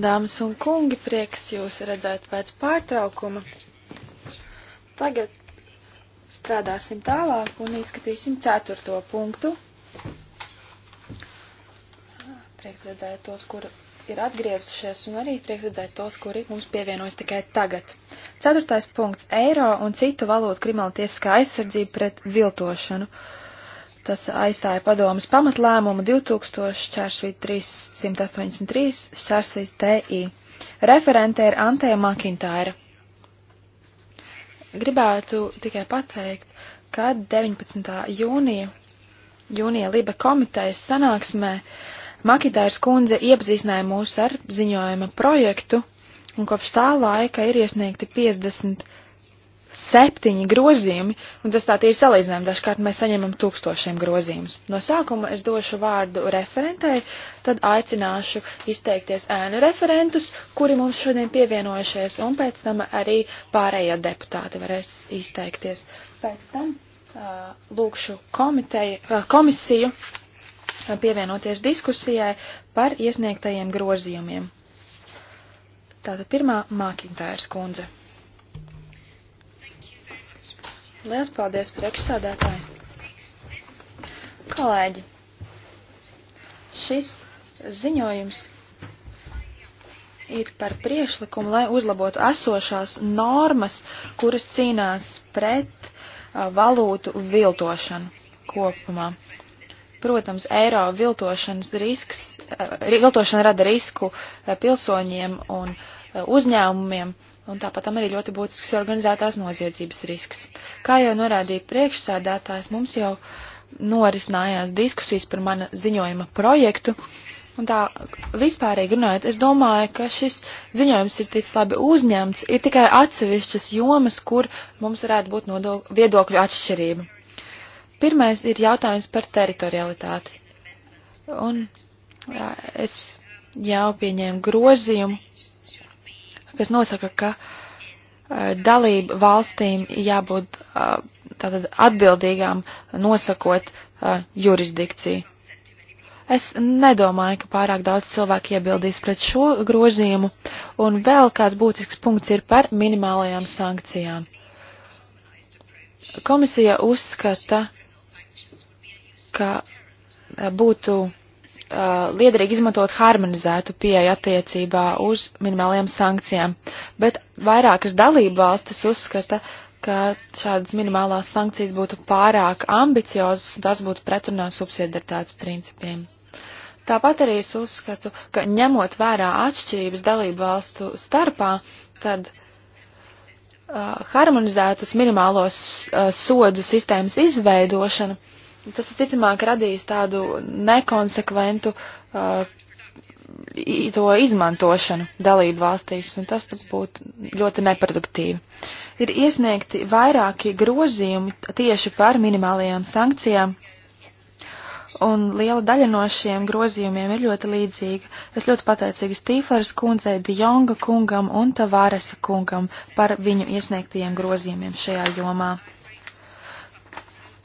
Dāmas un kungi, prieks jūs redzēt pēc pārtraukuma. Tagad strādāsim tālāk un izskatīsim ceturto punktu. Prieks redzēt tos, kur ir atgriezušies, un arī prieks redzēt tos, kuri mums pievienojas tikai tagad. Ceturtais punkts - eiro un citu valūtu krimināla tiesiskā aizsardzība pret viltošanu. Uh, Tas aizstāja padomas pamatlēmumu 2000-383 šķērsvīt TI. Referente ir Antēja Makintāra. Gribētu tikai pateikt, ka 19. jūnija, jūnija Liba komitejas sanāksmē Makintārs kundze iepazīstināja mūs ar ziņojuma projektu, un kopš tā laika ir iesniegti 50 septiņi grozījumi, un tas tā tie ir salīdzinājumi, dažkārt mēs saņemam tūkstošiem grozījumus. No sākuma es došu vārdu referentei, tad aicināšu izteikties ēnu referentus, kuri mums šodien pievienojušies, un pēc tam arī pārējie deputāti varēs izteikties. Pēc tam uh, lūkšu komiteju, uh, komisiju pievienoties diskusijai par iesniegtajiem grozījumiem. Tātad pirmā Mākintērs kundze. Liels paldies, priekšsādātāji! Kolēģi, šis ziņojums ir par priešlikumu, lai uzlabotu esošās normas, kuras cīnās pret a, valūtu viltošanu kopumā. Protams, eiro viltošanas risks, a, viltošana rada risku a, pilsoņiem un uzņēmumiem un tāpat tam arī ļoti būtisks organizētās noziedzības risks. Kā jau norādīja priekšsēdētājs, mums jau norisinājās diskusijas par mana ziņojuma projektu, un tā vispārīgi runājot, es domāju, ka šis ziņojums ir ticis labi uzņemts, ir tikai atsevišķas jomas, kur mums varētu būt nodok, viedokļu atšķirība. Pirmais ir jautājums par teritorialitāti. Un jā, es jau pieņēmu grozījumu kas nosaka, ka eh, dalību valstīm jābūt eh, tātad atbildīgām nosakot eh, jurisdikciju. Es nedomāju, ka pārāk daudz cilvēku iebildīs pret šo grozījumu, un vēl kāds būtisks punkts ir par minimālajām sankcijām. Komisija uzskata, ka būtu uh, liederīgi izmantot harmonizētu pieeju attiecībā uz minimālajām sankcijām, bet vairākas dalībvalstis uzskata, ka šādas minimālās sankcijas būtu pārāk ambiciozas un tas būtu pretrunā subsidiaritātes principiem. Tāpat arī es uzskatu, ka ņemot vērā atšķirības dalību valstu starpā, tad uh, harmonizētas minimālos uh, sodu sistēmas izveidošana Tas visticamāk radīs tādu nekonsekventu uh, to izmantošanu dalību valstīs, un tas būtu ļoti neproduktīvi. Ir iesniegti vairāki grozījumi tieši par minimālajām sankcijām, un liela daļa no šiem grozījumiem ir ļoti līdzīga. Es ļoti pateicīgs Tīflers kundzei, Dijonga kungam un Tavāresa kungam par viņu iesniegtajiem grozījumiem šajā jomā.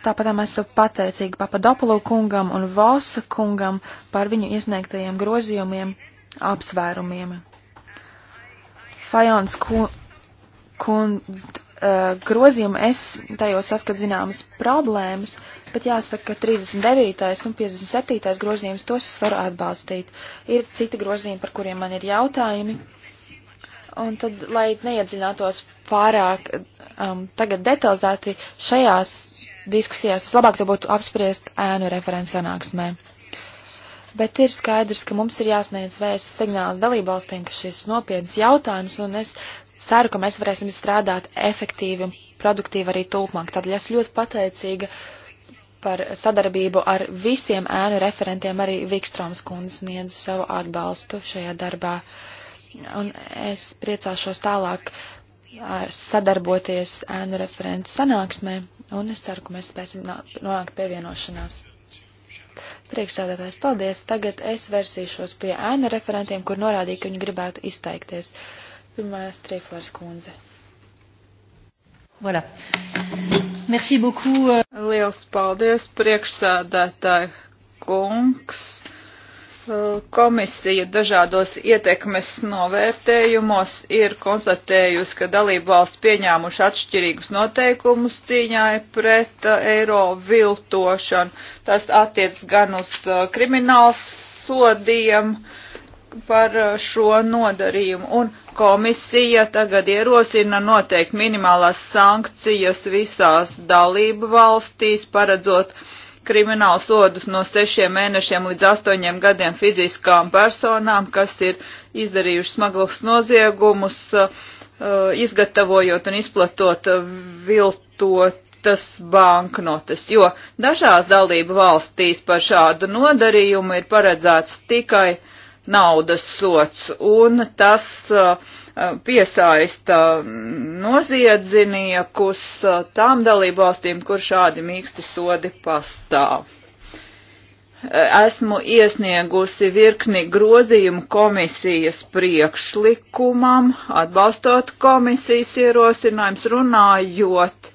Tāpat esmu pateicīga Papadopulu kungam un Valsa kungam par viņu iesniegtajiem grozījumiem, apsvērumiem. Fajons kund, kund uh, grozījumu es tajos saskat zināmas problēmas, bet jāsaka, ka 39. un 57. grozījums tos es varu atbalstīt. Ir citi grozījumi, par kuriem man ir jautājumi. Un tad, lai neiedzinātos pārāk um, tagad detalizēti šajās diskusijās vislabāk to būtu apspriest ēnu referents sanāksmē. Bet ir skaidrs, ka mums ir jāsniedz vēsts signāls dalībvalstīm, ka šis nopietns jautājums, un es ceru, ka mēs varēsim strādāt efektīvi un produktīvi arī tulpmāk. Tādēļ es ļoti pateicīga par sadarbību ar visiem ēnu referentiem, arī Vikstroms kundze sniedz savu atbalstu šajā darbā. Un es priecāšos tālāk sadarboties ēnu referentu sanāksmēm un es ceru, ka mēs spēsim nonākt pievienošanās. Priekšsēdētājs, paldies! Tagad es versīšos pie ēna referentiem, kur norādīja, ka viņi gribētu izteikties. Pirmais Trīflers kundze.
Voilà. Merci beaucoup. Euh. Liels paldies, priekšsēdētāji kungs Uh, komisija dažādos ietekmes novērtējumos ir konstatējusi, ka dalību valsts pieņēmuši atšķirīgus noteikumus cīņai pret uh, eiro viltošanu. Tas attiec gan uz uh, krimināls sodiem par šo nodarījumu, un komisija tagad ierosina noteikt minimālās sankcijas visās dalību valstīs, paredzot uh, kriminālu sodus no sešiem mēnešiem līdz astoņiem gadiem fiziskām personām, kas ir izdarījuši smagus noziegumus, uh, izgatavojot un izplatot viltotas banknotes, jo dažās dalību valstīs par šādu nodarījumu ir paredzēts tikai naudas sots, un tas uh, piesaista noziedziniekus uh, tām dalībvalstīm, kur šādi mīksti sodi pastāv esmu iesniegusi virkni grozījumu komisijas priekšlikumam, atbalstot komisijas ierosinājums, runājot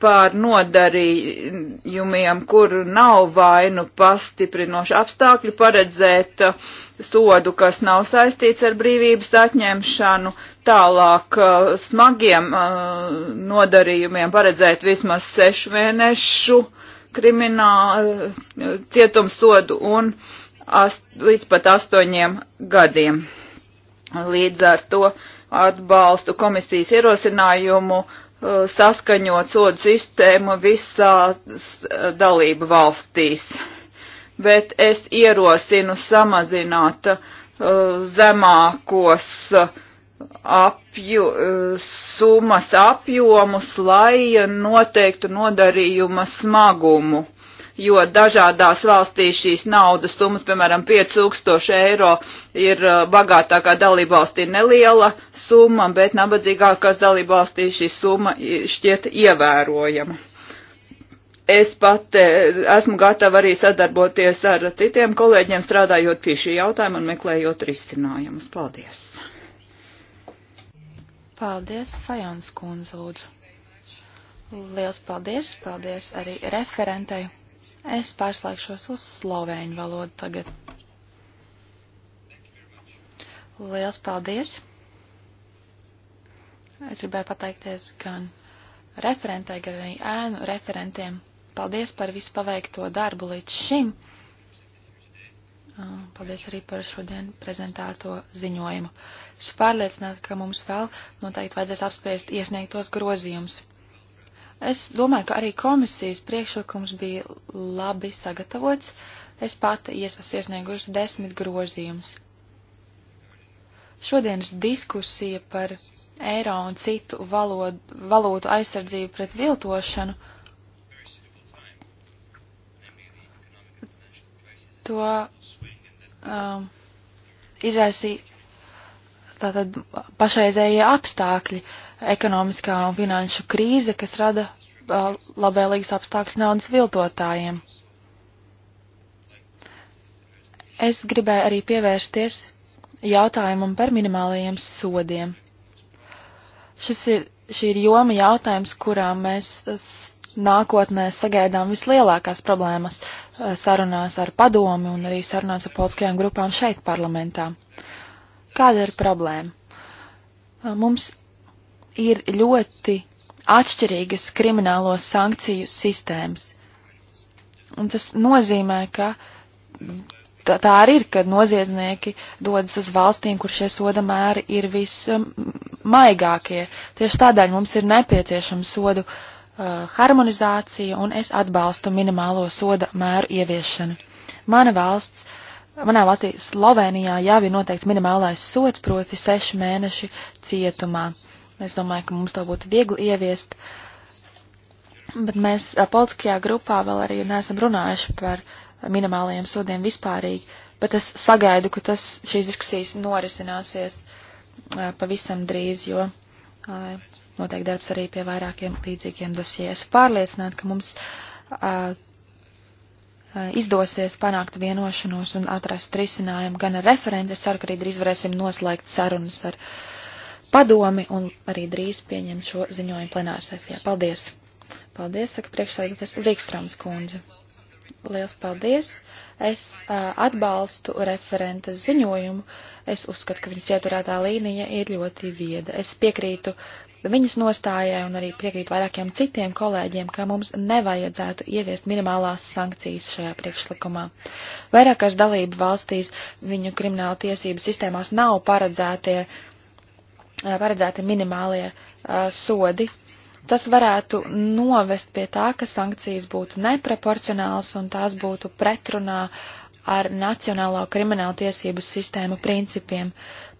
par nodarījumiem, kur nav vainu pastiprinoši apstākļi, paredzēt sodu, kas nav saistīts ar brīvības atņemšanu, tālāk uh, smagiem uh, nodarījumiem paredzēt vismaz sešu mēnešu kriminālu uh, cietumsodu un ast, līdz pat astoņiem gadiem. Līdz ar to atbalstu komisijas ierosinājumu uh, Uh, saskaņot sodu sistēmu visās uh, dalību valstīs. Bet es ierosinu samazināt uh, zemākos uh, apju, uh, summas apjomus, lai noteiktu nodarījuma smagumu jo dažādās valstīs šīs naudas summas, piemēram, 5000 eiro, ir uh, bagātākā dalībvalstī neliela summa, bet nabadzīgākās dalībvalstī šī summa šķiet ievērojama. Es pat e, esmu gatava arī sadarboties ar citiem kolēģiem, strādājot pie šī jautājuma un meklējot risinājumus. Paldies!
Paldies, Fajons kundze, lūdzu. Liels paldies, paldies arī referentei. Es pārslēgšos uz slovēņu valodu tagad. Liels paldies! Es gribēju pateikties gan referentai, gan arī ēnu referentiem. Paldies par visu paveikto darbu līdz šim. Paldies arī par šodien prezentēto ziņojumu. Es pārliecināta, ka mums vēl noteikti vajadzēs apspriest iesniegtos grozījumus. Es domāju, ka arī komisijas priekšlikums bija labi sagatavots. Es pati esmu iesniegusi desmit grozījumus. Šodienas diskusija par eiro un citu valodu, valūtu aizsardzību pret viltošanu to um, izraisīja tātad pašreizējie apstākļi, ekonomiskā un finanšu krīze, kas rada uh, labvēlīgus apstākļus naudas viltotājiem. Es gribēju arī pievērsties jautājumam par minimālajiem sodiem. Šis ir, šī ir joma jautājums, kurā mēs nākotnē sagaidām vislielākās problēmas sarunās ar padomi un arī sarunās ar politiskajām grupām šeit parlamentā. Uh, Kāda ir problēma? Mums ir ļoti atšķirīgas kriminālo sankciju sistēmas. Un tas nozīmē, ka tā, tā arī ir, kad noziedznieki dodas uz valstīm, kur šie soda mēri ir vismaigākie. Tieši tādēļ mums ir nepieciešama sodu uh, harmonizācija, un es atbalstu minimālo soda mēru ieviešanu. Mana valsts uh, Manā valstī Slovenijā jau ir noteikts minimālais sots, proti seši mēneši cietumā. Es domāju, ka mums to būtu viegli ieviest, bet mēs politiskajā grupā vēl arī neesam runājuši par minimālajiem sodiem vispārīgi, bet es sagaidu, ka tas, šīs diskusijas norisināsies pavisam drīz, jo notiek darbs arī pie vairākiem līdzīgiem dosijiem. Esmu pārliecināta, ka mums Eh, izdosies panākt vienošanos un atrast risinājumu gan ar referenti. Es ceru, ka arī drīz varēsim noslēgt sarunas ar padomi un arī drīz pieņemt šo ziņojumu plenārsēsijā. Paldies! Paldies, saka priekšsēdētājs Rīkstrāms kundze. Liels paldies! Es uh, atbalstu referentes ziņojumu. Es uzskatu, ka viņas ieturētā līnija ir ļoti vieda. Es piekrītu uh, viņas nostājai un arī piekrīt vairākiem citiem kolēģiem, ka mums nevajadzētu ieviest minimālās sankcijas šajā priekšlikumā. Vairākās dalību valstīs viņu krimināla tiesību sistēmās nav paredzētie, eh, paredzēti minimālie uh, sodi. Tas varētu novest pie tā, ka sankcijas būtu neproporcionāls un tās būtu pretrunā ar nacionālo krimināla tiesību sistēmu principiem.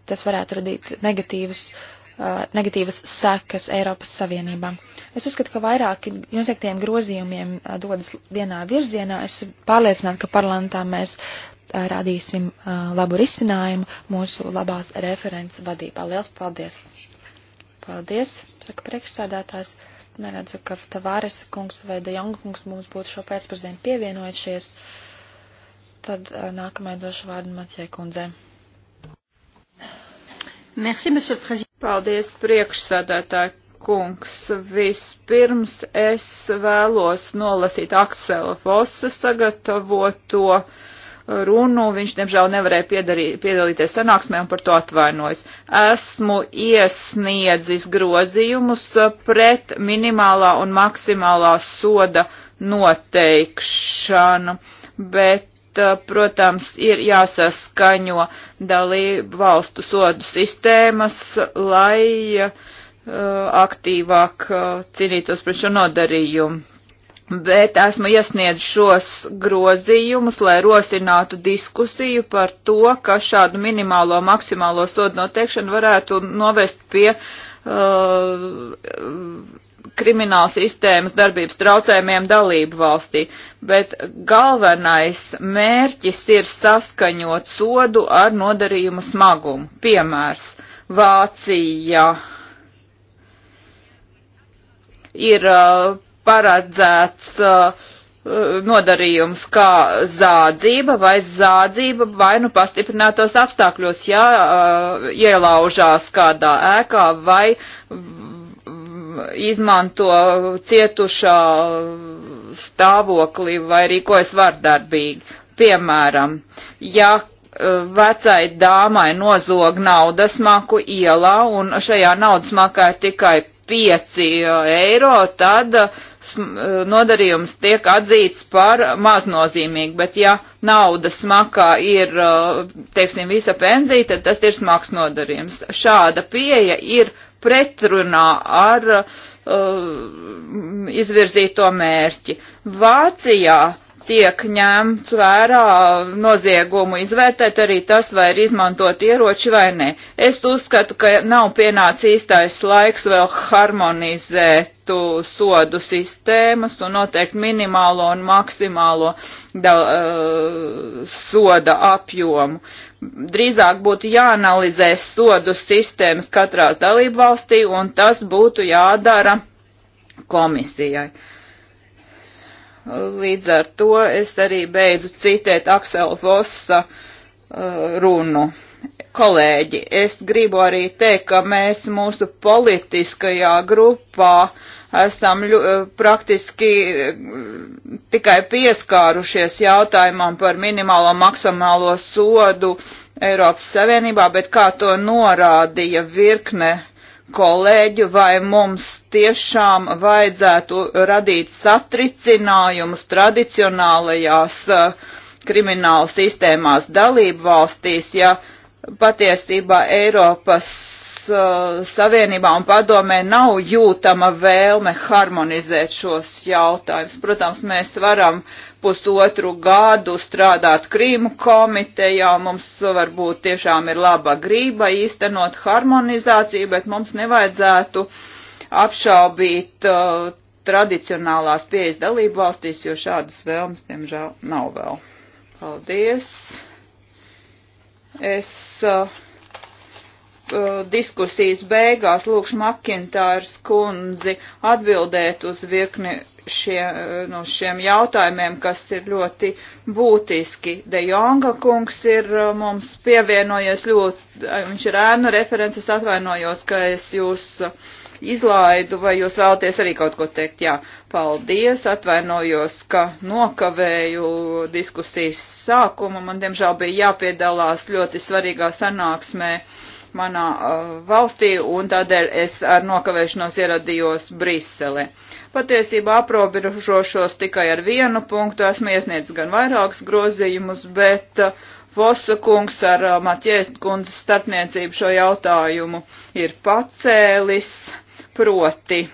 Tas varētu radīt negatīvus uh, Uh, negatīvas sekas Eiropas Savienībām. Es uzskatu, ka vairāki noziektiem grozījumiem uh, dodas vienā virzienā. Es pārliecinātu, ka parlamentā mēs uh, radīsim labu risinājumu mūsu labās referents vadībā. Liels paldies! Paldies, saka priekšsēdētājs. Neredzu, ka Tavāres kungs vai De Jonga kungs mums būtu šo pēcpusdienu pievienojušies. Tad nākamajai došu vārdu Matjai kundzei.
Merci, monsieur le président. Paldies, priekšsādātāji kungs. Vispirms es vēlos nolasīt Aksela Fossa sagatavoto runu. Viņš, diemžēl, nevarēja piedarī, piedalīties sanāksmē un par to atvainojas. Esmu iesniedzis grozījumus pret minimālā un maksimālā soda noteikšanu, bet Eh, protams, ir jāsaskaņo dalību valstu sodu sistēmas, lai eh, aktīvāk eh, cīnītos pret šo nodarījumu. Bet esmu iesniedz šos grozījumus, lai rosinātu diskusiju par to, ka šādu minimālo maksimālo sodu noteikšanu varētu novest pie uh, krimināla sistēmas darbības traucējumiem dalību valstī, bet galvenais mērķis ir saskaņot sodu ar nodarījumu smagumu. Piemērs Vācija ir uh, paredzēts uh, nodarījums kā zādzība vai zādzība vai nu pastiprinātos apstākļos, ja uh, ielaužās kādā ēkā vai izmanto cietušā stāvokli vai rīkojas vardarbīgi. Piemēram, ja e, vecai dāmai nozog naudas maku ielā un šajā naudas makā ir tikai 5 e, eiro, tad e, nodarījums tiek atzīts par maznozīmīgu, bet ja naudas makā ir, teiksim, visa penzija, tad tas ir smags nodarījums. Šāda pieeja ir pretrunā ar uh, izvirzīto mērķi. Vācijā tiek ņemts vērā noziegumu izvērtēt arī tas, vai ir izmantot ieroči vai nē. Es uzskatu, ka nav pienācis īstais laiks vēl harmonizēt sodu sistēmas un noteikt minimālo un maksimālo da, uh, soda apjomu drīzāk būtu jāanalizē sodu sistēmas katrā dalību valstī, un tas būtu jādara komisijai. Līdz ar to es arī beidzu citēt Aksela Vossa uh, runu. Kolēģi, es gribu arī teikt, ka mēs mūsu politiskajā grupā uh, esam ļu, eh, praktiski eh, tikai pieskārušies jautājumam par minimālo maksimālo sodu Eiropas Savienībā, bet kā to norādīja virkne kolēģu, vai mums tiešām vajadzētu radīt satricinājumus tradicionālajās eh, krimināla sistēmās dalību valstīs, ja patiesībā Eiropas uh, Savienībā un padomē nav jūtama vēlme harmonizēt šos jautājumus. Protams, mēs varam pusotru gadu strādāt Krīmu komitejā, mums varbūt tiešām ir laba grība īstenot harmonizāciju, bet mums nevajadzētu apšaubīt uh, tradicionālās pieejas dalību valstīs, jo šādas vēlmes, diemžēl, nav vēl. Paldies! Es uh, Uh, diskusijas beigās lūkšu Makintārs kundzi atbildēt uz virkni šie, uh, no šiem jautājumiem, kas ir ļoti būtiski. De Jonga kungs ir uh, mums pievienojies ļoti, viņš ir ēnu referents, es atvainojos, ka es jūs izlaidu, vai jūs vēlaties arī kaut ko teikt. Jā, paldies, atvainojos, ka nokavēju diskusijas sākumu, man diemžēl bija jāpiedalās ļoti svarīgā sanāksmē manā uh, valstī, un tādēļ es ar nokavēšanos ieradījos Briselē. Patiesībā aprobežošos tikai ar vienu punktu, esmu iesniedzis gan vairākus grozījumus, bet uh, Vosa kungs ar uh, Matjēs kundzes starpniecību šo jautājumu ir pacēlis, proti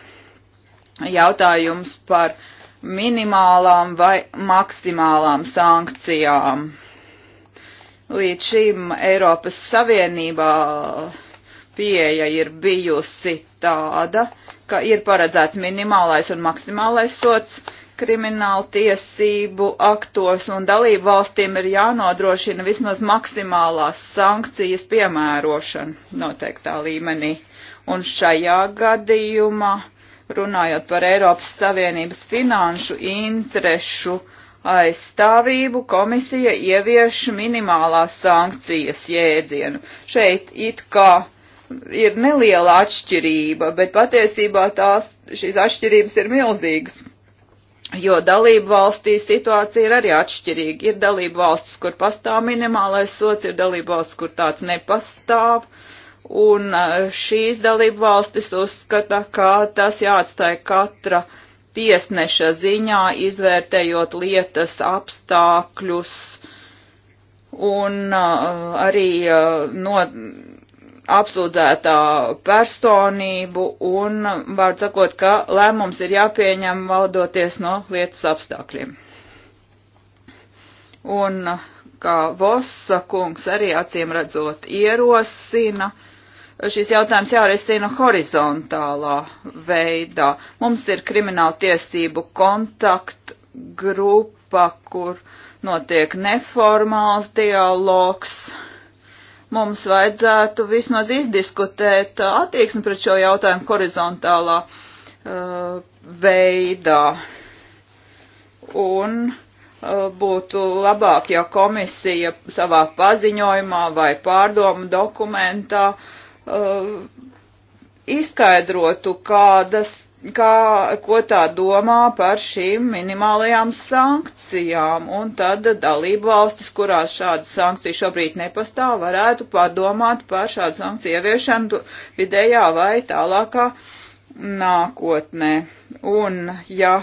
jautājums par minimālām vai maksimālām sankcijām Līdz šim Eiropas Savienībā pieeja ir bijusi tāda, ka ir paredzēts minimālais un maksimālais sots krimināla tiesību aktos, un dalību valstīm ir jānodrošina vismaz maksimālās sankcijas piemērošana noteiktā līmenī. Un šajā gadījumā, runājot par Eiropas Savienības finanšu interešu, aizstāvību komisija ievieš minimālās sankcijas jēdzienu. Šeit it kā ir neliela atšķirība, bet patiesībā tās, šīs atšķirības ir milzīgas, jo dalību valstīs situācija ir arī atšķirīga. Ir dalību valstis, kur pastāv minimālais sots, ir dalību valstis, kur tāds nepastāv. Un eh, šīs dalību valstis uzskata, ka tas jāatstāja katra uh, tiesneša ziņā, izvērtējot lietas apstākļus un uh, arī uh, no apsūdzētā personību un, var sakot, ka lēmums ir jāpieņem valdoties no lietas apstākļiem. Un uh, kā Vossa kungs arī acīm redzot ierosina, uh, šīs jautājums jārisina horizontālā veidā. Mums ir krimināla tiesību kontaktgrupa, kur notiek neformāls dialogs. Mums vajadzētu vismaz izdiskutēt attieksmi pret šo jautājumu horizontālā uh, veidā. Un uh, būtu labāk, ja komisija savā paziņojumā vai pārdomu dokumentā uh, Uh, izskaidrotu, kādas, kā, ko tā domā par šīm minimālajām sankcijām, un tad dalību valstis, kurās šādas sankcijas šobrīd nepastāv, varētu padomāt par šādu sankciju ieviešanu vidējā vai tālākā nākotnē. Un, ja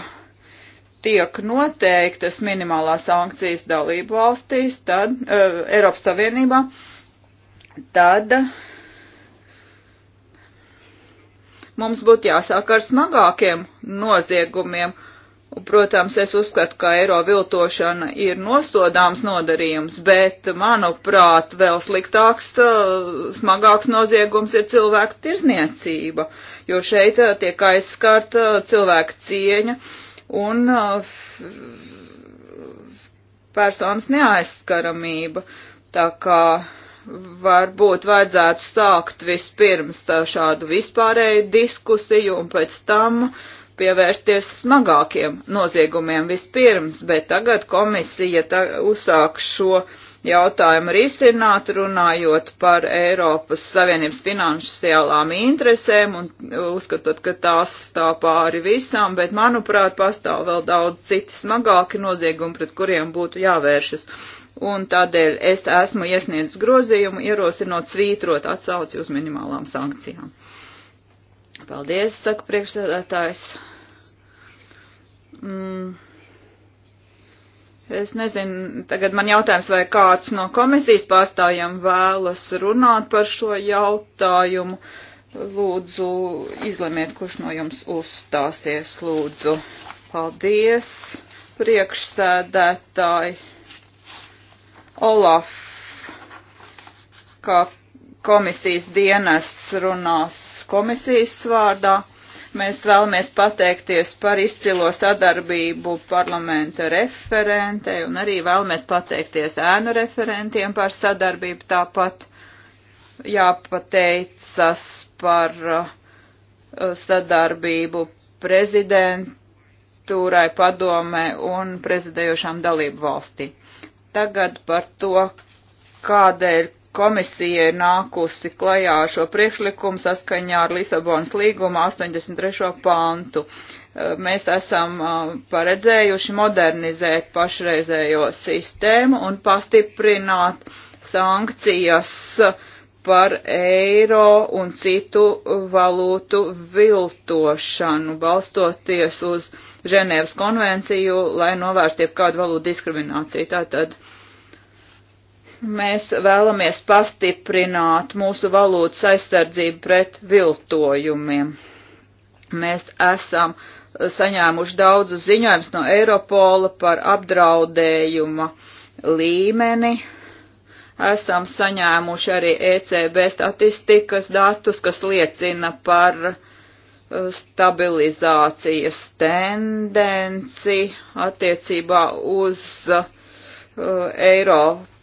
tiek noteiktas minimālās sankcijas dalību valstīs, tad uh, Eiropas Savienībā, tad uh, Mums būtu jāsāk ar smagākiem noziegumiem. Protams, es uzskatu, ka eiro viltošana ir nosodāms nodarījums, bet, manuprāt, vēl sliktāks, eh, smagāks noziegums ir cilvēku tirzniecība, jo šeit eh, tiek aizskarta eh, cilvēka cieņa un personas neaizskaramība. Tā kā varbūt vajadzētu sākt vispirms šādu vispārēju diskusiju un pēc tam pievērsties smagākiem noziegumiem vispirms, bet tagad komisija ta uzsāk šo uh, jautājumu risināt, runājot par Eiropas Savienības finansiālām interesēm un uzskatot, ka tās stāv pāri visām, bet manuprāt pastāv vēl daudz citi smagāki noziegumi, pret kuriem būtu jāvēršas. Un tādēļ es esmu iesniedzis grozījumu, ierosinot svītrot atsauci uz minimālām sankcijām. Paldies, saka priekšsēdētājs. Mm Es nezinu, tagad man jautājums, vai kāds no komisijas pārstāvjiem vēlas runāt par šo jautājumu. Lūdzu, izlemiet, kurš no jums uzstāsies, lūdzu. Paldies, priekšsēdētāji. Olaf, kā komisijas dienests runās komisijas vārdā. Mēs vēlamies pateikties par izcilo sadarbību parlamenta referentei un arī vēlamies pateikties ēnu referentiem par sadarbību. Tāpat jāpateicas par uh, sadarbību prezidentūrai padome un prezidējošām dalību valstī. Tagad par to, kādēļ komisija ir nākusi klajā ar šo priekšlikumu saskaņā ar Lisabonas līguma 83. pantu. Eh, mēs esam eh, paredzējuši modernizēt pašreizējo sistēmu un pastiprināt sankcijas par eiro un citu valūtu viltošanu, balstoties uz Ženēvas konvenciju, lai novērstu jebkādu valūtu diskrimināciju. Tātad, uh, mēs vēlamies pastiprināt mūsu valūtas aizsardzību pret viltojumiem. Mēs esam eh, saņēmuši daudzu ziņojumus no Eiropola par apdraudējuma līmeni. Esam saņēmuši arī ECB statistikas datus, kas liecina par eh, stabilizācijas tendenci attiecībā uz uh, eiro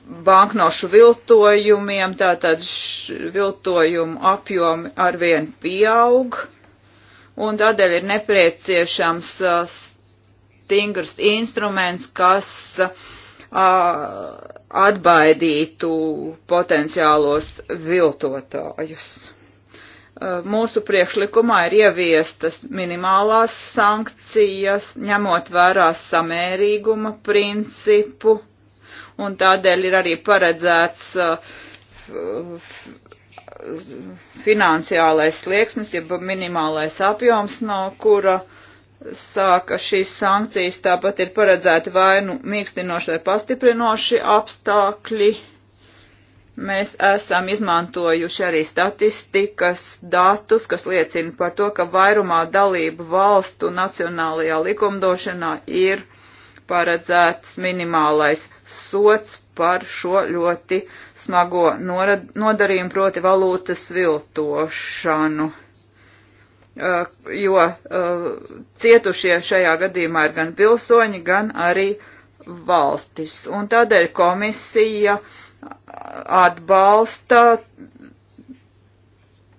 banknošu viltojumiem, tātad viltojumu apjomi arvien pieaug, un tādēļ ir nepieciešams stingrs instruments, kas atbaidītu potenciālos viltotājus. Mūsu priekšlikumā ir ieviestas minimālās sankcijas, ņemot vērā samērīguma principu un tādēļ ir arī paredzēts uh, finansiālais slieksnis, jeb minimālais apjoms, no kura sāka šīs sankcijas, tāpat ir paredzēti vai nu mīkstinoši vai pastiprinoši apstākļi. Mēs esam izmantojuši arī statistikas datus, kas liecina par to, ka vairumā dalību valstu nacionālajā likumdošanā ir paredzēts minimālais sots par šo ļoti smago nodarījumu, proti valūtas viltošanu. Uh, jo uh, cietušie šajā gadījumā ir gan pilsoņi, gan arī valstis. Un tādēļ komisija atbalsta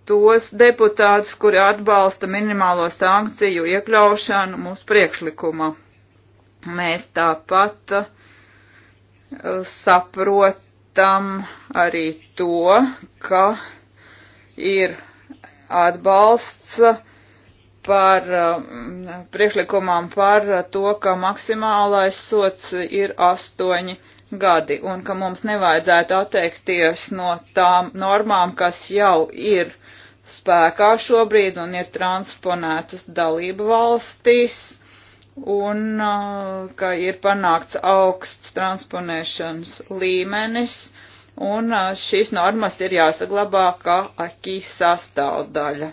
tos deputātus, kuri atbalsta minimālo sankciju iekļaušanu mūsu priekšlikumā. Mēs tāpat uh, saprotam arī to, ka ir atbalsts par um, priekšlikumām par to, ka maksimālais sots ir astoņi gadi un ka mums nevajadzētu atteikties no tām normām, kas jau ir spēkā šobrīd un ir transponētas dalība valstīs un uh, ka ir panākts augsts transponēšanas līmenis, un uh, šīs normas ir jāsaglabā kā akī sastāvdaļa.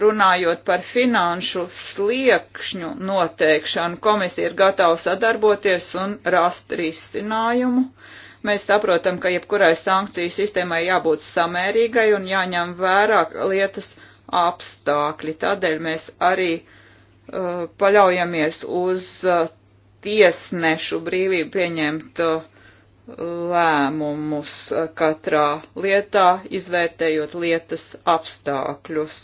Runājot par finanšu sliekšņu noteikšanu, komisija ir gatava sadarboties un rast risinājumu. Mēs saprotam, ka jebkurai sankciju sistēmai jābūt samērīgai un jāņem vērā lietas apstākļi. Tādēļ mēs arī uh, Eh, paļaujamies uz eh, tiesnešu brīvību pieņemt eh, lēmumus katrā lietā, izvērtējot lietas apstākļus.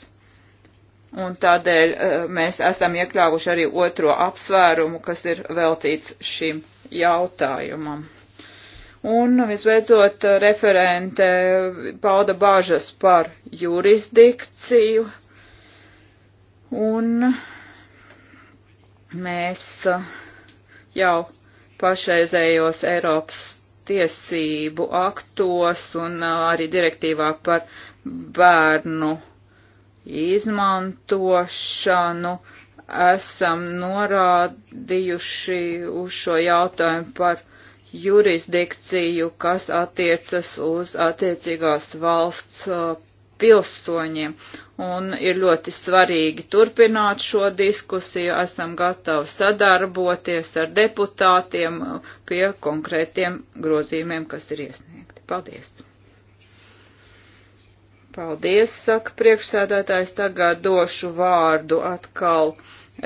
Un tādēļ mēs esam iekļāvuši arī otro apsvērumu, kas ir veltīts šim jautājumam. Un visbeidzot, referente pauda bāžas par jurisdikciju. Un uh, Mēs uh, jau pašreizējos Eiropas tiesību aktos un uh, arī direktīvā par bērnu izmantošanu esam norādījuši uz šo jautājumu par jurisdikciju, kas attiecas uz attiecīgās valsts uh, pilsoņiem. Un ir ļoti svarīgi turpināt šo diskusiju. Esam gatavi sadarboties ar deputātiem pie konkrētiem grozījumiem, kas ir iesniegti. Paldies! Paldies, saka priekšsēdētājs. Tagad došu vārdu atkal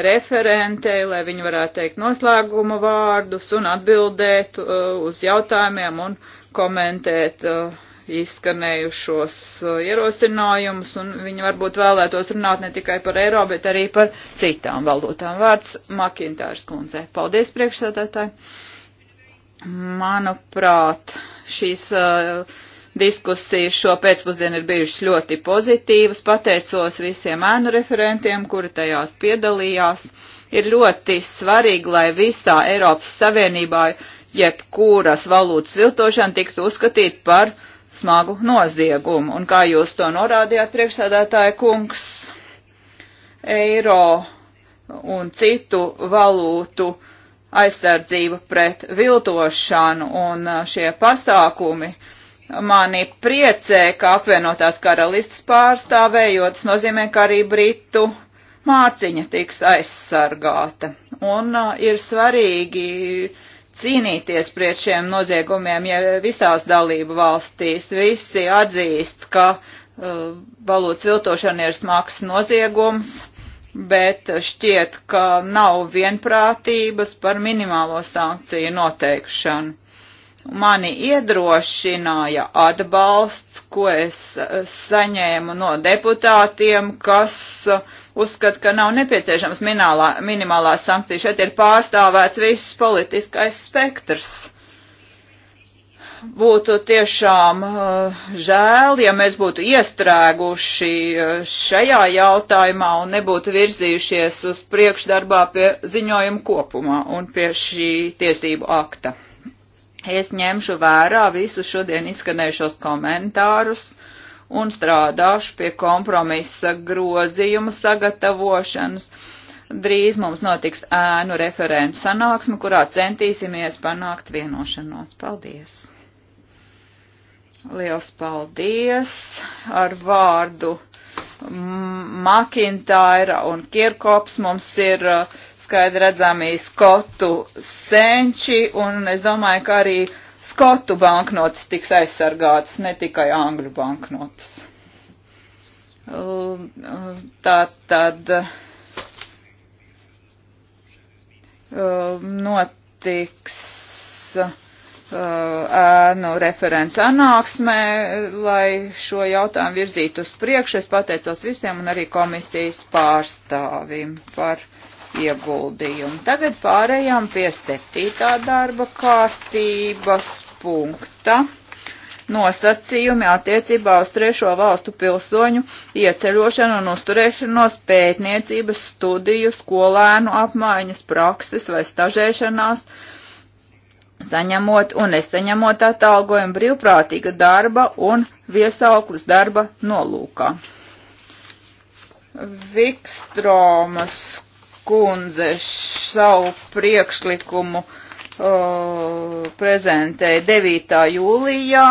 referentei, lai viņi varētu teikt noslēguma vārdus un atbildēt uh, uz jautājumiem un komentēt. Uh, izskanējušos uh, ierosinājumus, un viņi varbūt vēlētos runāt ne tikai par eiro, bet arī par citām valūtām. Vārds Makintārs kundzei. Paldies, priekšsēdētāji. Manuprāt, šīs uh, diskusijas šo pēcpusdienu ir bijušas ļoti pozitīvas. Pateicos visiem ēnu referentiem, kuri tajās piedalījās. Ir ļoti svarīgi, lai visā Eiropas Savienībā jebkuras valūtas viltošana tiktu uzskatīt par uh, smagu noziegumu. Un kā jūs to norādījāt, priekšsēdētāja kungs, eiro un citu valūtu aizsardzība pret viltošanu un uh, šie pasākumi mani priecē, ka apvienotās karalistas pārstāvējot, tas nozīmē, ka arī Britu māciņa tiks aizsargāta. Un uh, ir svarīgi uh, cīnīties pret šiem noziegumiem, ja visās dalību valstīs visi atzīst, ka uh, valūtas viltošana ir smags noziegums, bet šķiet, ka nav vienprātības par minimālo sankciju noteikšanu. Mani iedrošināja atbalsts, ko es uh, saņēmu no deputātiem, kas uh, uzskata, ka nav nepieciešams minimālā, minimālās sankcijas. Šeit ir pārstāvēts viss politiskais spektrs. Būtu tiešām uh, žēl, ja mēs būtu iestrēguši eh, šajā jautājumā un nebūtu virzījušies uz priekšdarbā pie ziņojuma kopumā un pie šī tiesību akta. Es ņemšu vērā visus šodien izskanējušos komentārus. Uh, un strādāšu pie kompromisa grozījuma sagatavošanas. Drīz mums notiks ēnu referentu sanāksme, kurā centīsimies panākt vienošanos. Paldies! Liels paldies ar vārdu Makintaira un Kirkops. Mums ir uh, skaidri redzami skotu senči, un es domāju, ka arī skotu banknotes tiks aizsargātas, ne tikai angļu banknotes. Tā tad e, notiks e, ēnu referents anāksmē, lai šo jautājumu virzītu uz priekšu. Es pateicos visiem un arī komisijas pārstāvim par ieguldījumu. Tagad pārējām pie septītā darba kārtības punkta. Nosacījumi attiecībā uz trešo valstu pilsoņu ieceļošanu un uzturēšanos pētniecības studiju, skolēnu apmaiņas prakses vai stažēšanās, saņemot un nesaņemot atalgojumu brīvprātīga darba un viesauklis darba nolūkā. Vikstromas kundze savu priekšlikumu uh, prezentēja 9. jūlijā.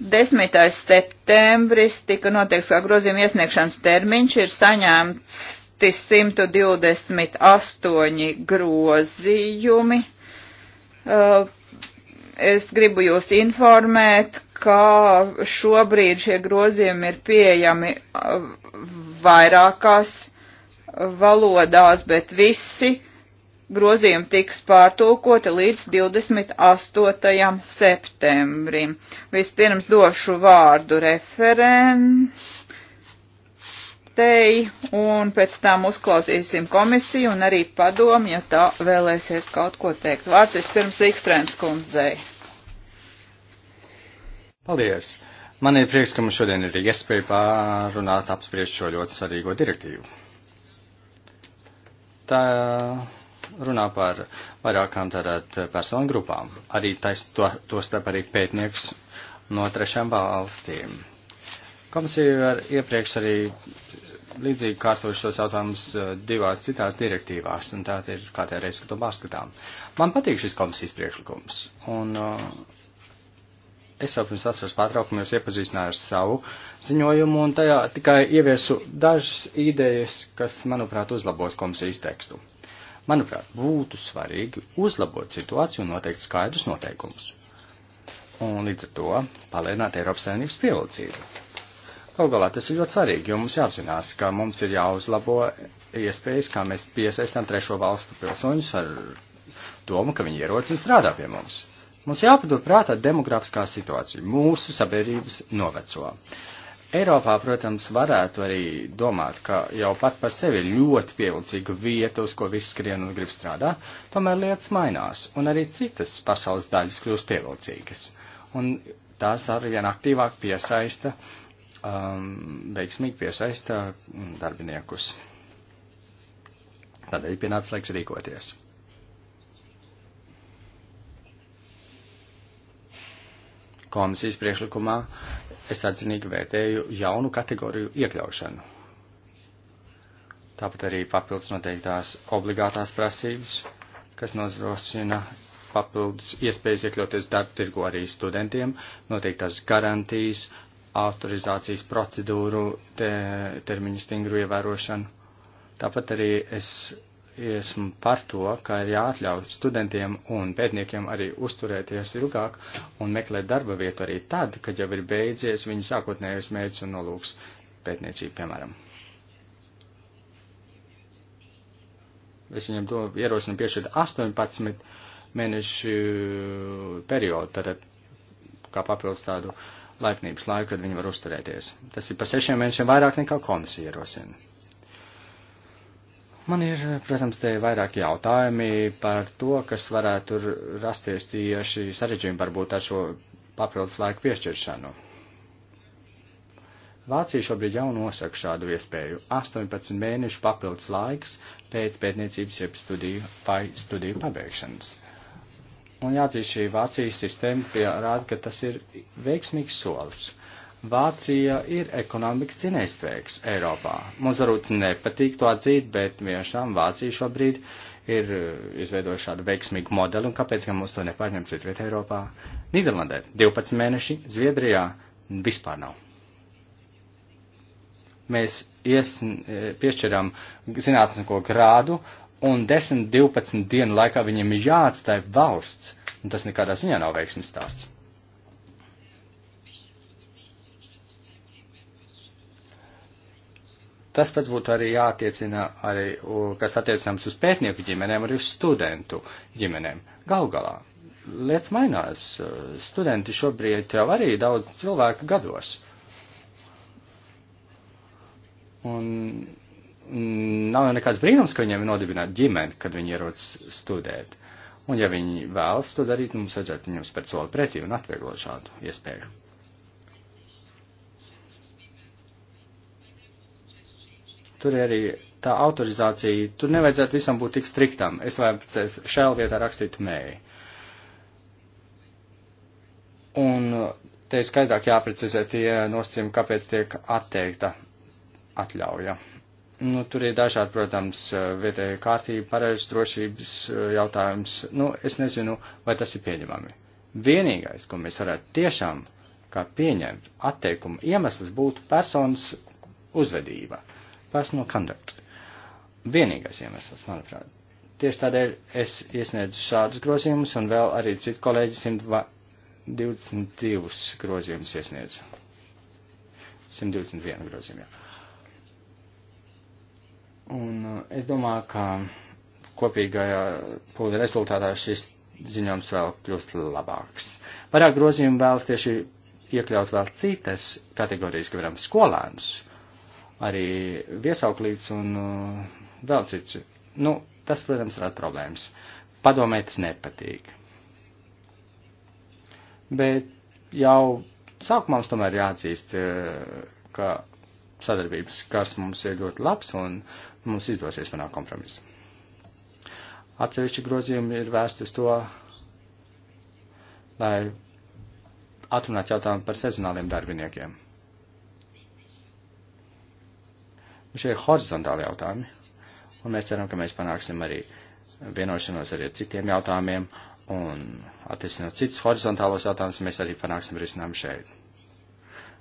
10. septembris tika noteikts kā grozījuma iesniegšanas termiņš, ir saņemts 128 grozījumi. Uh, es gribu jūs informēt, ka šobrīd šie grozījumi ir pieejami uh, vairākās valodās, bet visi grozījumi tiks pārtulkoti līdz 28. septembrim. Vispirms došu vārdu referentei, un pēc tam uzklausīsim komisiju un arī padomu, ja tā vēlēsies kaut ko teikt. Vārds vispirms Ikstrēns kundzei.
Paldies! Man ir prieks, ka mums šodien ir iespēja pārunāt apspriest šo ļoti svarīgo direktīvu tā runā par vairākām tātad personu grupām, arī tais, to, to starp arī pētniekus no trešām valstīm. Komisija ir iepriekš arī līdzīgi kārtojuši šos jautājumus eh, divās citās direktīvās, un tā ir kā tā reiz, ka to pārskatām. Man patīk šis komisijas priekšlikums, un uh, Es jau pirms vasaras pārtraukuma jūs iepazīstināju ar savu ziņojumu un tajā tikai ieviesu dažas idejas, kas, manuprāt, uzlabos komisijas tekstu. Manuprāt, būtu svarīgi uzlabot situāciju un noteikt skaidrus noteikumus. Un līdz ar to palēnāt Eiropas saimnības pievilcību. Galu galā tas ir ļoti svarīgi, jo mums jāapzinās, ka mums ir jāuzlabo iespējas, kā mēs piesaistām trešo valstu pilsoņus ar domu, ka viņi ierodas un strādā pie mums. Mums jāpadur prātā demografiskā situācija. Mūsu sabiedrības noveco. Eiropā, protams, varētu arī domāt, ka jau pat par sevi ir ļoti pievilcīga vieta, uz ko viss skrien un grib strādāt, tomēr lietas mainās, un arī citas pasaules daļas kļūst pievilcīgas. Un tās arvien aktīvāk piesaista, um, veiksmīgi piesaista darbiniekus. Tādēļ pienāca laiks rīkoties. komisijas priekšlikumā es atzinīgi vērtēju jaunu kategoriju iekļaušanu. Tāpat arī papildus noteiktās obligātās prasības, kas nodrošina papildus iespējas iekļauties darba tirgu arī studentiem, noteiktās garantijas, autorizācijas procedūru te, termiņu stingru ievērošanu. Tāpat arī es esmu par to, ka ir jāatļauj studentiem un pētniekiem arī uzturēties ilgāk un meklēt darba vietu arī tad, kad jau ir beidzies viņa sākotnējais mērķis un nolūks pētniecība, piemēram. Es viņam to ierosinu piešķirt 18 mēnešu periodu, tātad kā papildus tādu laipnības laiku, kad viņi var uzturēties. Tas ir pa sešiem mēnešiem vairāk nekā komisija ierosina. Man ir, protams, te vairāki jautājumi par to, kas varētu rasties tieši sarežģījumi varbūt ar šo papildus laiku piešķiršanu. Vācija šobrīd jau nosaka šādu iespēju - 18 mēnešu papildus laiks pēc pētniecības jeb studiju vai studiju pabeigšanas. Un jāatzīst, šī Vācijas sistēma pierāda, ka tas ir veiksmīgs solis. Vācija ir ekonomikas cinējspēks Eiropā. Mums varbūt nepatīk to atzīt, bet vienšām Vācija šobrīd ir eh, izveidojuši šādu veiksmīgu modeli, un kāpēc gan mums to nepārņemt citviet Eiropā? Nīderlandē 12 mēneši, Zviedrijā vispār nav. Mēs ies, eh, piešķiram zinātnisko grādu, un 10-12 dienu laikā viņiem ir jāatstāja valsts, un tas nekādā ziņā nav veiksmīgs stāsts. Tas pats būtu arī jātiecina, arī, kas attiecināms uz pētnieku ģimenēm, arī uz studentu ģimenēm. Gal galā, lietas mainās. Studenti šobrīd jau arī daudz cilvēku gados. Un nav jau nekāds brīnums, ka viņiem ir nodibināta ģimene, kad viņi ierodas studēt. Un ja viņi vēlas to darīt, mums vajadzētu viņiem spērt soli pretī un atvieglot šādu iespēju. Tur ir arī tā autorizācija, tur nevajadzētu visam būt tik striktam. Es vajadzēs šajā vietā rakstītu mēji. Un te ir skaidrāk jāprecizē tie nosacījumi, kāpēc tiek atteikta atļauja. Nu, tur ir dažādi, protams, vietēja kārtība, pareizes drošības eh, jautājums. Nu, es nezinu, vai tas ir pieņemami. Vienīgais, ko mēs varētu tiešām kā pieņemt atteikumu iemesls, būtu personas uzvedība. Uh, personal conduct. Vienīgais iemesls, manuprāt. Tieši tādēļ es iesniedzu šādus grozījumus un vēl arī citu kolēģi 122 grozījumus iesniedzu. 121 grozījumā. Un uh, es domāju, ka kopīgajā pūļa rezultātā šis ziņojums vēl kļūst labāks. Vairāk grozījumu vēlas tieši iekļaut vēl citas kategorijas, piemēram, skolēnus arī viesauklīts un uh, vēl cits. Nu, tas, protams, rada problēmas. Padomē tas nepatīk. Bet jau sākumā mums tomēr jāatzīst, uh, ka sadarbības kas mums ir ļoti labs un mums izdosies panākt kompromisu. Atsevišķi grozījumi ir vēsti uz to, lai atrunātu jautājumu par sezonāliem darbiniekiem. Šie ir horizontāli jautājumi, un mēs ceram, ka mēs panāksim arī vienošanos arī ar citiem jautājumiem, un attiecībā citus horizontālos jautājumus mēs arī panāksim risinājumu šeit.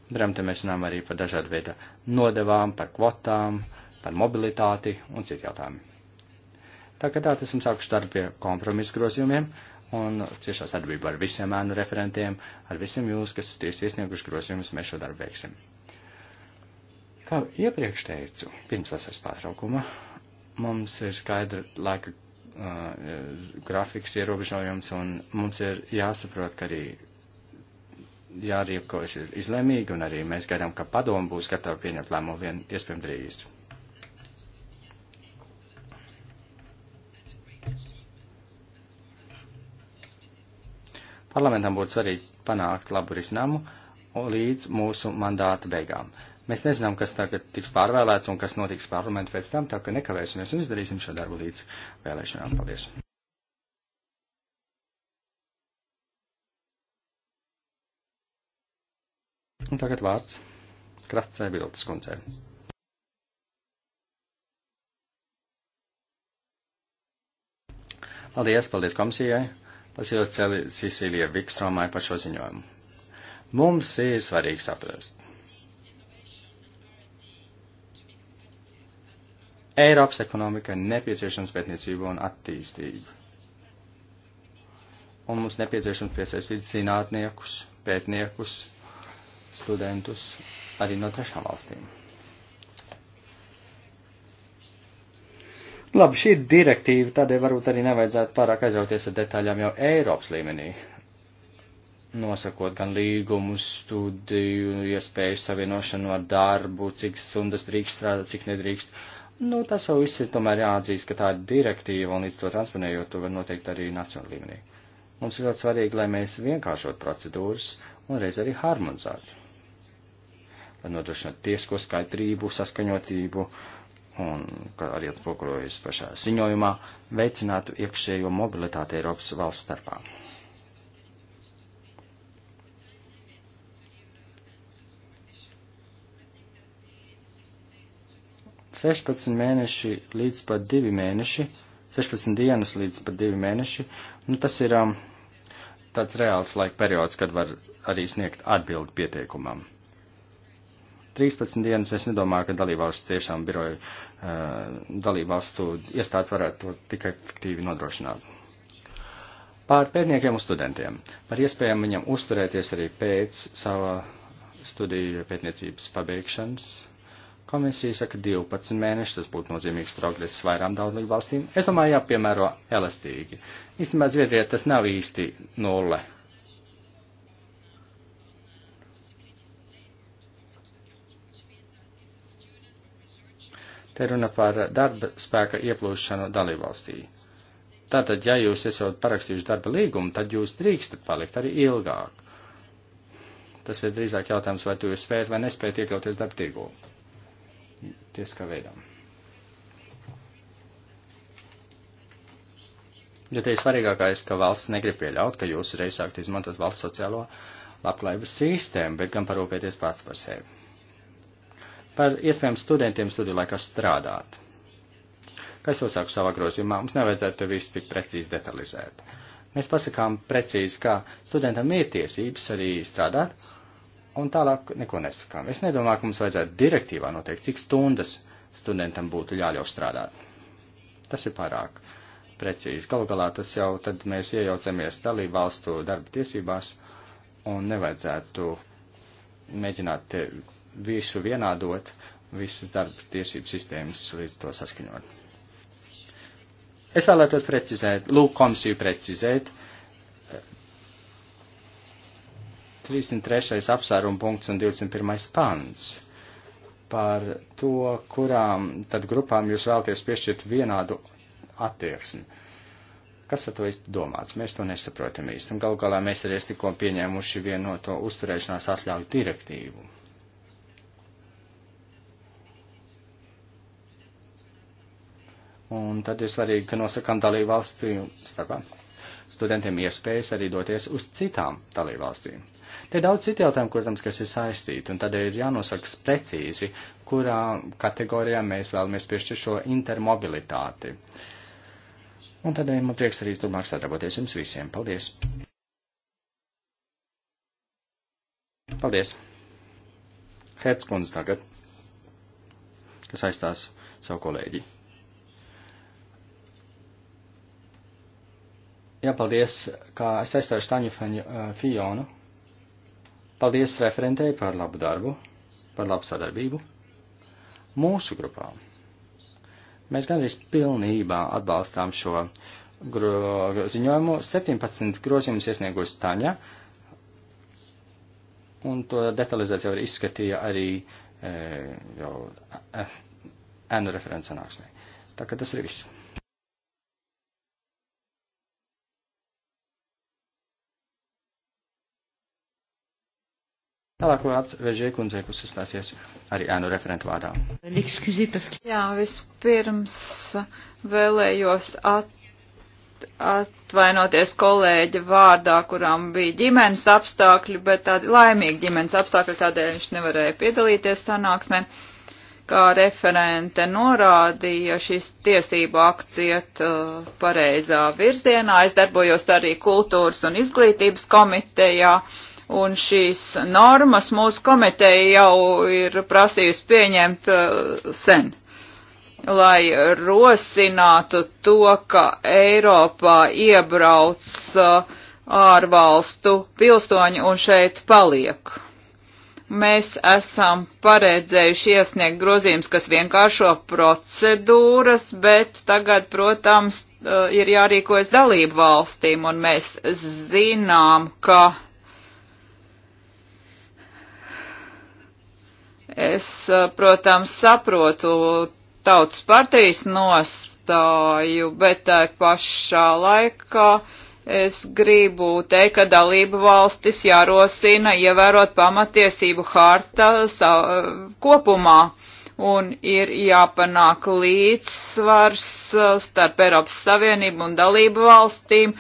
Piemēram, te mēs runājam arī par dažādu veidu nodevām, par kvotām, par mobilitāti un citu jautājumu. Tā kā tā, esam sākuši darbu pie kompromisu grozījumiem un ciešā sadarbībā ar visiem ēnu referentiem, ar visiem jūs, kas tiesi iesnieguši grozījumus, mēs šo darbu veiksim. Kā iepriekš teicu, pirms tas ir pārtraukuma, mums ir skaidra laika uh, grafiks ierobežojums, un mums ir jāsaprot, ka arī jārīkojas izlēmīgi, un arī mēs gaidām, ka padomu būs gatava pieņemt lēmumu vien iespējami drīz. Parlamentam būtu svarīgi panākt labu risinājumu līdz mūsu mandāta beigām. Mēs nezinām, kas tagad tiks pārvēlēts un kas notiks parlamentu pēc tam, tā ka nekavēsimies un izdarīsim šo darbu līdz vēlēšanām. Paldies! Un tagad vārds Kratcē Bildes kundzei. Paldies, paldies komisijai, paldies Cēlī Sisīlijai Vikstromai par šo ziņojumu. Mums ir svarīgi saprast Eiropas ekonomikai nepieciešams pētniecība un attīstība. Un mums nepieciešams piesaistīt zinātniekus, pētniekus, studentus arī no trešām valstīm. Labi, šī ir direktīva, tādēļ varbūt arī nevajadzētu pārāk aizrauties ar detaļām jau Eiropas līmenī. Nosakot gan līgumus, studiju, iespēju savienošanu ar darbu, cik stundas drīkst strādāt, cik nedrīkst. Uh, Nu, tas jau viss ir tomēr jāatzīst, ka tā ir direktīva un līdz to transponējot, to var noteikt arī nacionāla līmenī. Mums ir ļoti svarīgi, lai mēs vienkāršot procedūras un reiz arī harmonizētu. Lai nodrošinātu tiesko skaidrību, saskaņotību un, kā arī atspoguļojas pašā ziņojumā, veicinātu iekšējo mobilitāti Eiropas valsts starpā. 16 mēneši līdz pat 2 mēneši, 16 dienas līdz pat 2 mēneši, nu tas ir um, tāds reāls laika periods, kad var arī sniegt atbildi pieteikumam. 13 dienas es nedomāju, ka dalībvalstu tiešām biroju uh, dalībvalstu iestādes varētu to tikai efektīvi nodrošināt. Pār pētniekiem un studentiem. Par iespējām viņam uzturēties arī pēc sava studiju pētniecības pabeigšanas Komisija saka 12 mēneši, tas būtu nozīmīgs progress vairām dalību valstīm. Es domāju, jāpiemēro elastīgi. Īstenībā Zviedrijā tas nav īsti nulle. Te runa par darba spēka ieplūšanu dalībvalstī. Tātad, ja jūs esat parakstījuši darba līgumu, tad jūs drīkstat palikt arī ilgāk. Tas ir drīzāk jautājums, vai tu jūs spējat vai nespējat iekļauties darba tirgū tieskā veidā. Jo te ir svarīgākais, ka valsts negrib pieļaut, ka jūs reiz sākt izmantot valsts sociālo labklājības sistēmu, bet gan parūpēties pats par sevi. Par iespējām studentiem studiju laikā strādāt. Kas jau sāku savā grozījumā, mums nevajadzētu te visu tik precīzi detalizēt. Mēs pasakām precīzi, ka studentam ir tiesības arī strādāt, un tālāk neko nesakām. Es nedomāju, ka mums vajadzētu direktīvā noteikt, cik stundas studentam būtu jāļauj strādāt. Tas ir pārāk precīzi. Galu galā tas jau tad mēs iejaucamies dalību valstu darba tiesībās un nevajadzētu mēģināt visu vienādot, visas darba tiesību sistēmas līdz to saskaņot. Es vēlētos precizēt, lūk komisiju precizēt, 303. apsvērumu punkts un 21. pants par to, kurām tad grupām jūs vēlaties piešķirt vienādu attieksmi. Kas ar to īsti domāts? Mēs to nesaprotam īsti. Un gal galā mēs arī tikko pieņēmuši vienoto uzturēšanās atļauju direktīvu. Un tad ir svarīgi, ka nosakām dalību valstu starpā studentiem iespējas arī doties uz citām dalību valstīm Te daudz citu jautājumu, protams, kas ir saistīti, un tādēļ ir jānosaka precīzi, kurā kategorijā mēs vēlamies piešķirt šo intermobilitāti. Un tādēļ eh, man prieks arī turpmāk sadarboties jums visiem. Paldies! Paldies! Hertz kundze tagad, kas aizstās savu kolēģi. Jā, paldies, kā es aizstāju Staņu eh, Fionu, Paldies referentei par labu darbu, par labu sadarbību. Mūsu grupā mēs gandrīz pilnībā atbalstām šo gro, ziņojumu. 17 grozījumus iesniegus Taņa, un to detalizēt jau izskatīja arī e, jau e, ēnu e, referents sanāksmē. Tā ka tas ir viss. Tālāk vārds Vežie kundzei, kas uzstāsies arī ēnu referentu vārdā.
Jā, vispirms vēlējos at, atvainoties kolēģa vārdā, kurām bija ģimenes apstākļi, bet tādi laimīgi ģimenes apstākļi, tādēļ viņš nevarēja piedalīties sanāksmē. Kā referente norādīja, šis tiesību akts iet uh, pareizā virzienā. Es darbojos arī kultūras un izglītības komitejā. Uh, Un šīs normas mūsu komiteja jau ir prasījusi pieņemt uh, sen, lai rosinātu to, ka Eiropā iebrauc uh, ārvalstu pilsoņi un šeit paliek mēs esam paredzējuši iesniegt grozījums, kas vienkāršo procedūras, bet tagad, protams, uh, ir jārīkojas dalību valstīm, un mēs zinām, ka Es, eh, protams, saprotu tautas partijas nostāju, bet tā pašā laikā es gribu teikt, ka dalību valstis jārosina ievērot pamatiesību harta kopumā un ir jāpanāk līdzsvars uh, starp Eiropas Savienību un dalību valstīm,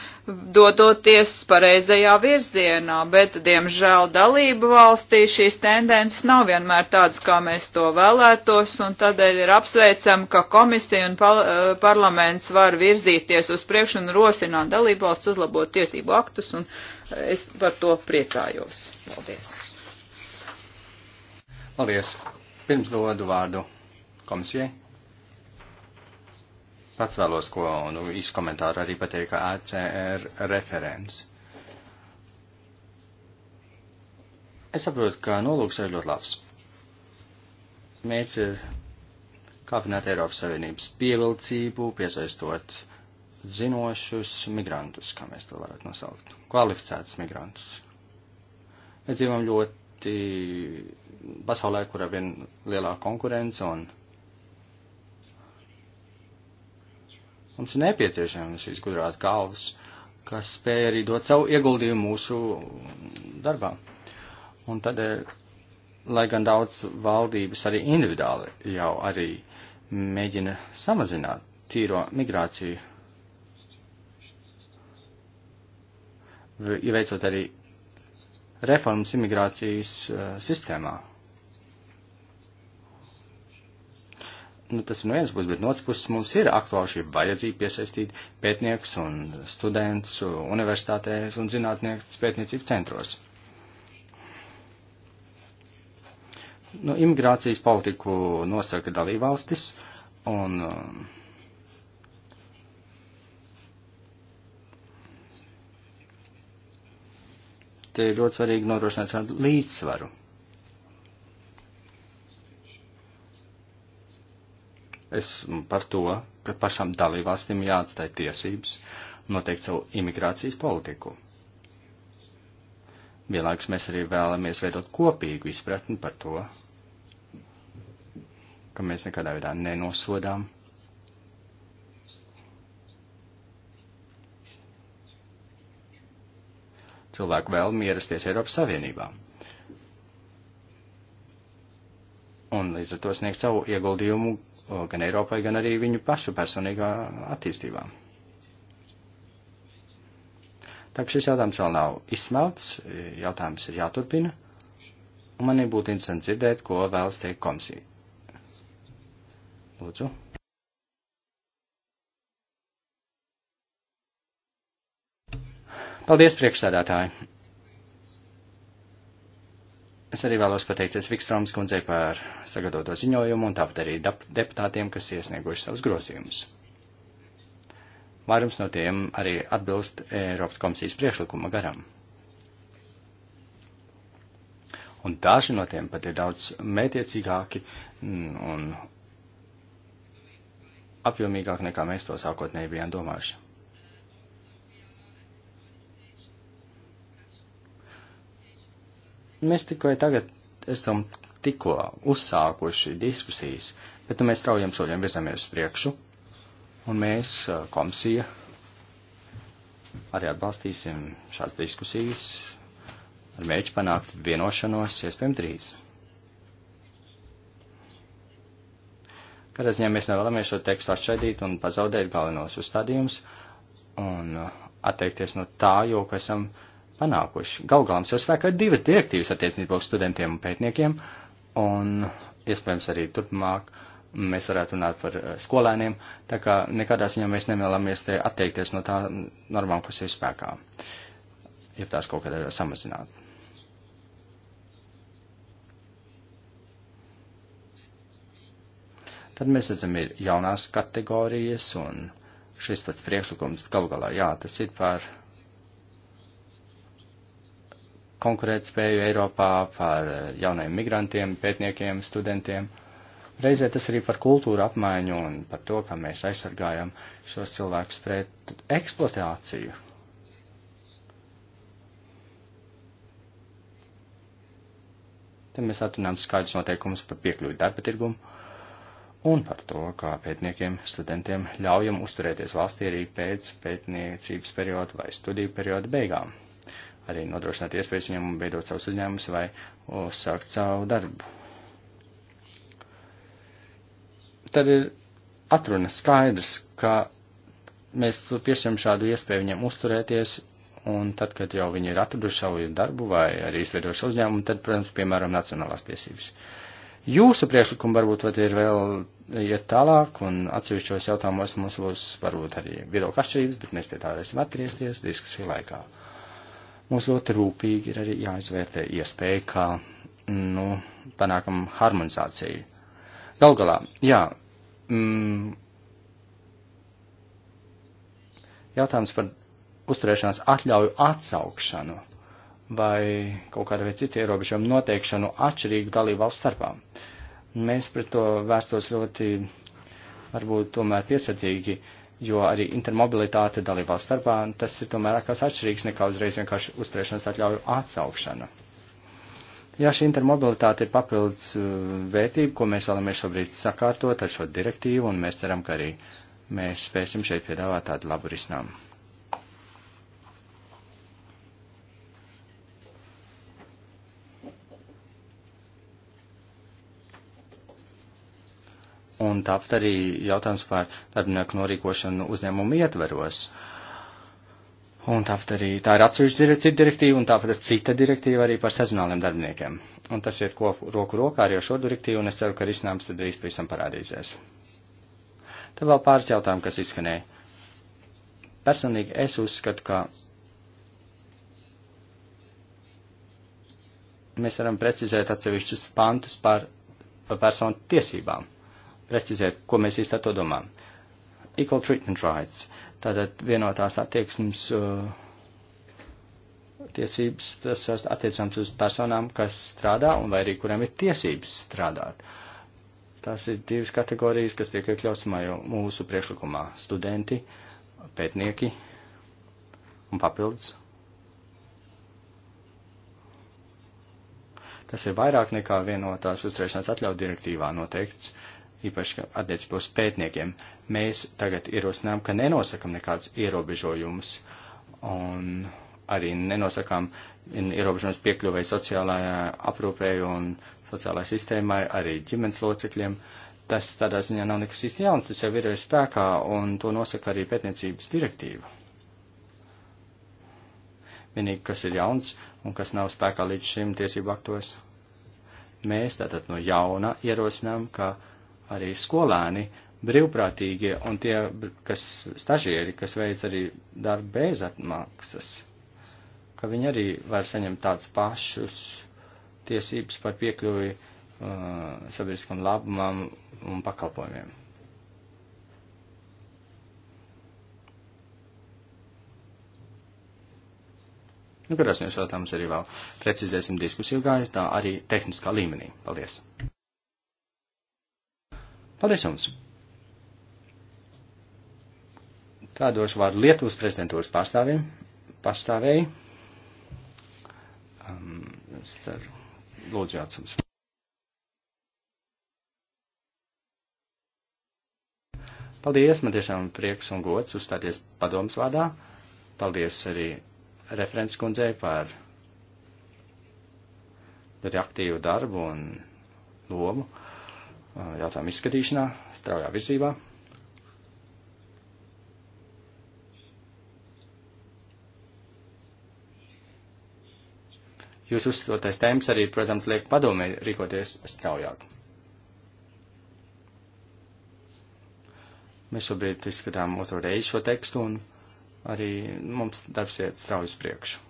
dodoties pareizajā virzienā, bet, diemžēl, dalību valstī šīs tendences nav vienmēr tādas, kā mēs to vēlētos, un tādēļ ir apsveicam, ka komisija un pal uh, parlaments var virzīties uz priekšu un rosināt dalību valsts uzlabot tiesību aktus, un uh, es par to priecājos. Paldies!
Paldies! Pirms dodu vārdu komisijai. Pats vēlos ko nu, īsu komentāru arī pateikt, ka ACR referents. Es saprotu, ka nolūks ir ļoti labs. Mērķis ir kāpināt Eiropas Savienības pievilcību, piesaistot zinošus migrantus, kā mēs to varētu nosaukt, kvalificētus migrantus. Mēs dzīvojam ļoti ļoti pasaulē, kur ar vien lielāku konkurence un mums ir nepieciešams šīs gudrās galvas, kas spēja arī dot savu ieguldījumu mūsu darbā. Un tad, eh, lai gan daudz valdības arī individuāli jau arī mēģina samazināt tīro migrāciju, ieveicot arī reformas imigrācijas uh, sistēmā. Nu, tas no vienas puses, bet no otras puses mums ir aktuāli šī vajadzība piesaistīt pētnieks un students universitātēs un zinātnieks pētniecības centros. Nu, imigrācijas politiku nosaka dalībvalstis un uh, bet ir ļoti svarīgi nodrošināt šādu līdzsvaru. Es par to, ka pašām dalībvalstīm jāatstāj tiesības noteikt savu imigrācijas politiku. Vienlaikus mēs arī vēlamies veidot kopīgu izpratni par to, ka mēs nekādā veidā nenosodām cilvēku vēlmi ierasties Eiropas Savienībā. Un līdz ar to sniegt savu ieguldījumu gan Eiropai, gan arī viņu pašu personīgā attīstībā. Tā kā šis jautājums vēl nav izsmelts, jautājums ir jāturpina, un man ir būtu interesanti dzirdēt, ko vēlas teikt komisija. Lūdzu. Paldies, priekšsēdētāji! Es arī vēlos pateikties Vikstroms kundzei par sagadoto ziņojumu un tāpat arī deputātiem, kas iesnieguši savus grozījumus. Vairums no tiem arī atbilst Eiropas komisijas priekšlikuma garam. Un daži no tiem pat ir daudz mētiecīgāki un apjomīgāk nekā mēs to sākotnēji bijām domājuši. Mēs tikai tagad esam tikko uzsākuši diskusijas, bet nu, mēs traujam soļiem virzamies uz priekšu, un mēs, komisija, arī atbalstīsim šādas diskusijas ar mēģi panākt vienošanos, iespējams, drīz. Katrā ziņā mēs nevēlamies šo tekstu atšķaidīt un pazaudēt galvenos uzstādījumus un atteikties no tā, jo esam panākuši. Galvā mums jau spēkā ir divas direktīvas attiecībā uz studentiem un pētniekiem, un iespējams arī turpmāk mēs varētu runāt par eh, skolēniem, tā kā nekādā ziņā mēs nevēlamies te atteikties no tā normām, kas ir spēkā, ja tās kaut kādā samazināt. Tad mēs redzam, ir jaunās kategorijas un šis pats priekšlikums galu galā, jā, tas ir par konkurētspēju Eiropā, par eh, jaunajiem migrantiem, pētniekiem, studentiem. Reizē tas arī par kultūru apmaiņu un par to, kā mēs aizsargājam šos cilvēkus pret eksploatāciju. Te mēs atrunām skaidrs noteikums par piekļuvi darba tirgumu un par to, kā pētniekiem, studentiem ļaujam uzturēties valstī arī pēc pētniecības perioda vai studiju perioda beigām arī nodrošināt iespējas viņam veidot savus uzņēmumus vai uzsākt savu darbu. Tad ir atruna skaidrs, ka mēs piešķiram šādu iespēju viņiem uzturēties, un tad, kad jau viņi ir atraduši savu darbu vai arī izveidojuši uzņēmumu, tad, protams, piemēram, nacionālās tiesības. Jūsu priekšlikumi varbūt vēl ir vēl iet tālāk, un atsevišķos jautājumos mums būs varbūt arī viedokļu atšķirības, bet mēs pie tā varēsim atgriezties diskusiju laikā. Mums ļoti rūpīgi ir arī jāizvērtē iespēja, kā, nu, panākam harmonizāciju. Gal galā, jā, mm, jautājums par uzturēšanās atļauju atsaukšanu vai kaut kāda vai cita ierobežojuma noteikšanu atšķirīgu dalību valsts starpā. Mēs pret to vērstos ļoti, varbūt tomēr piesardzīgi, jo arī intermobilitāte dalībās starpā, tas ir tomēr kas atšķirīgs nekā uzreiz vienkārši uzturēšanas atļauju atsaukšana. Ja šī intermobilitāte ir papildus uh, vērtība, ko mēs vēlamies šobrīd sakārtot ar šo direktīvu, un mēs ceram, ka arī mēs spēsim šeit piedāvāt tādu labu risinājumu. un tāpat arī jautājums par darbinieku norīkošanu uzņēmumu ietveros. Un tāpat arī tā ir atsevišķa cita direktīva, un tāpat ir cita direktīva arī par sezonāliem darbiniekiem. Un tas iet kopu, roku rokā arī ar šo direktīvu, un es ceru, ka risinājums tad drīz pavisam parādīsies. Te vēl pāris jautājumu, kas izskanēja. Personīgi es uzskatu, ka mēs varam precizēt atsevišķus pantus par, par personu tiesībām precizēt, ko mēs īsti ar to domājam. Equal treatment rights, tātad vienotās attieksmes uh, tiesības, tas attiecams uz personām, kas strādā un vai arī kuriem ir tiesības strādāt. Tās ir divas kategorijas, kas tiek iekļauts mūsu priekšlikumā - studenti, pētnieki un papildus Tas ir vairāk nekā vienotās uzturēšanās atļauju direktīvā noteikts īpaši attiecībā uz pētniekiem, mēs tagad ierosinām, ka nenosakam nekādus ierobežojumus un arī nenosakām ierobežojumus piekļuvai sociālajā aprūpē un sociālajai sistēmai, arī ģimenes locekļiem. Tas tādā ziņā nav nekas īsti jauns, tas jau ir spēkā un to nosaka arī pētniecības direktīva. Vienīgi, kas ir jauns un kas nav spēkā līdz šim tiesību aktos, mēs tātad no jauna ierosinām, ka arī skolēni, brīvprātīgie un tie, kas stažieri, kas veic arī darbu bez atmaksas, ka viņi arī var saņemt tādus pašus tiesības par piekļuvi uh, sabiedriskam labumam un pakalpojumiem. Nu, kurās jautājums arī vēl precizēsim diskusiju gājus, tā arī tehniskā līmenī. Paldies! Paldies jums! Tā došu vārdu Lietuvas prezidentūras pārstāvim, pārstāvēji. Um, es ceru, lūdzu jāatsums. Paldies, man tiešām prieks un gods uzstāties padomas vārdā. Paldies arī referents kundzei par ļoti aktīvu darbu un lomu. Uh, jautājumu izskatīšanā, straujā virzībā. Jūs uzstotais tēmas arī, protams, liek padomē rīkoties straujāk. Mēs šobrīd izskatām otro reizi šo tekstu un arī mums darbs iet strauji uz priekšu.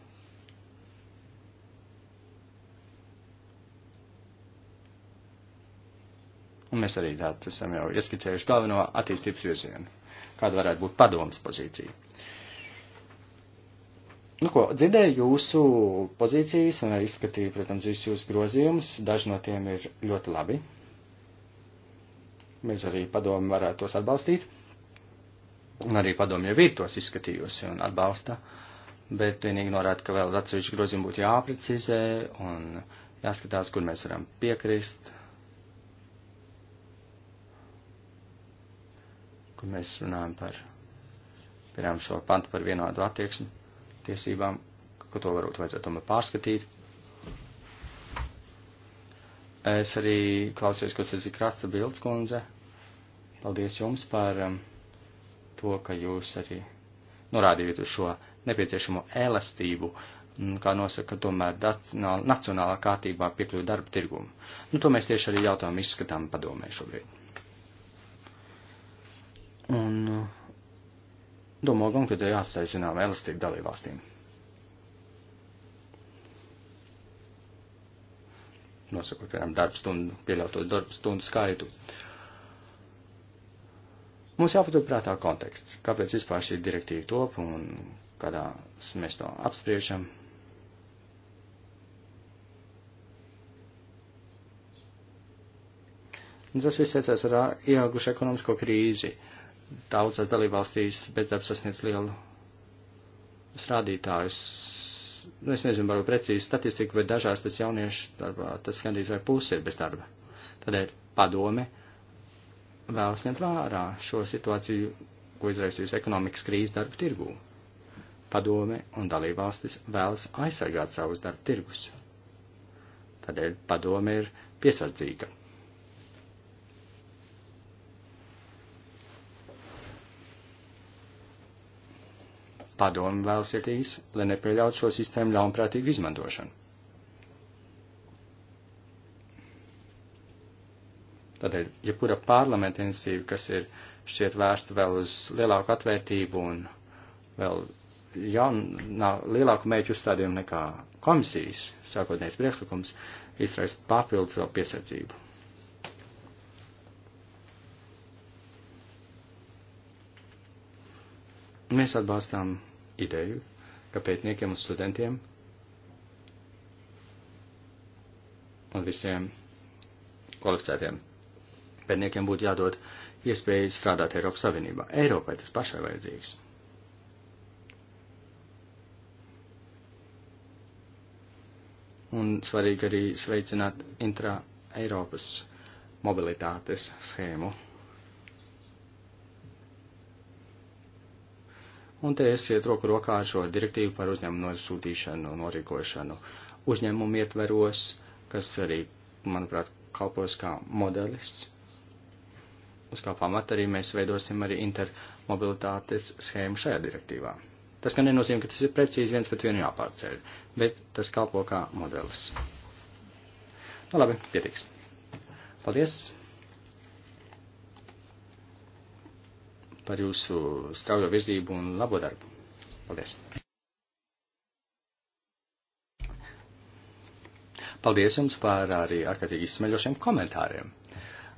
Un mēs arī tātad esam jau ieskicējuši galveno attīstības virzienu. Kāda varētu būt padomas pozīcija? Nu, ko, dzirdēju jūsu pozīcijas un izskatīju, protams, visus jūsu grozījumus. Daži no tiem ir ļoti labi. Mēs arī padomu varētu tos atbalstīt. Un arī padomu jau ir tos izskatījusi un atbalsta. Bet vienīgi norāda, ka vēl atsevišķi grozījumi būtu jāprecizē un jāskatās, kur mēs varam piekrist, kur mēs runājam par, piemēram, šo pantu par vienādu attieksmi tiesībām, ka to varbūt vajadzētu tomēr pārskatīt. Es arī klausījos, ko sacīja Kratsa Bilds kundze. Paldies jums par um, to, ka jūs arī norādījāt uz šo nepieciešamo elastību, kā nosaka tomēr nacionālā kārtībā piekļuvu darba tirgumu. Nu, to mēs tieši arī jautājumu izskatām padomē šobrīd. Un uh, domāju, gan, ka te jāatstāj zinām elastību dalībvalstīm. Nosakot, piemēram, darba stundu, pieļautot darba stundu skaitu. Mums jāpaturprātā konteksts, kāpēc vispār šī direktīva top un kādā mēs to apspriešam, Un tas viss saistās ar ieaugušu ekonomisko krīzi daudzās dalībvalstīs bezdarbs sasniedz lielu rādītājus. Nu, es nezinu, varbūt precīzi statistiku, bet dažās tas jauniešu darbā, tas gandrīz vai puse ir bez darba. Tādēļ padome vēlas ņemt vērā šo situāciju, ko izraisījusi ekonomikas krīze darba tirgū. Padome un dalībvalstis vēlas aizsargāt savus darba tirgus. Tādēļ padome ir piesardzīga Padomu vēlas iet īsi, lai nepieļaut šo sistēmu ļaunprātīgu izmantošanu. Tādēļ, ja kura parlamenta iniciatīva, kas ir šķiet vērsta vēl uz lielāku atvērtību un vēl jaunā, lielāku mērķu uzstādījumu nekā komisijas sākotnējais priekšlikums, izraisa papildus vēl piesardzību. Mēs atbalstām ideju, ka pētniekiem un studentiem un visiem kvalificētiem pētniekiem būtu jādod iespēja strādāt Eiropas Savienībā. Eiropai tas pašai vajadzīgs. Un svarīgi arī sveicināt intra Eiropas mobilitātes schēmu. un te es iet roku rokā ar šo direktīvu par uzņēmumu nosūtīšanu un norīkošanu. Uzņēmumu ietveros, kas arī, manuprāt, kalpos kā modelis, uz kā pamata arī mēs veidosim arī intermobilitātes schēmu šajā direktīvā. Tas gan nenozīmē, ka tas ir precīzi viens pret vienu jāpārceļ, bet tas kalpo kā modelis. Nu labi, pietiks. Paldies! par jūsu straujo virzību un labo darbu. Paldies! Paldies jums par arī ārkārtīgi izsmeļošiem komentāriem.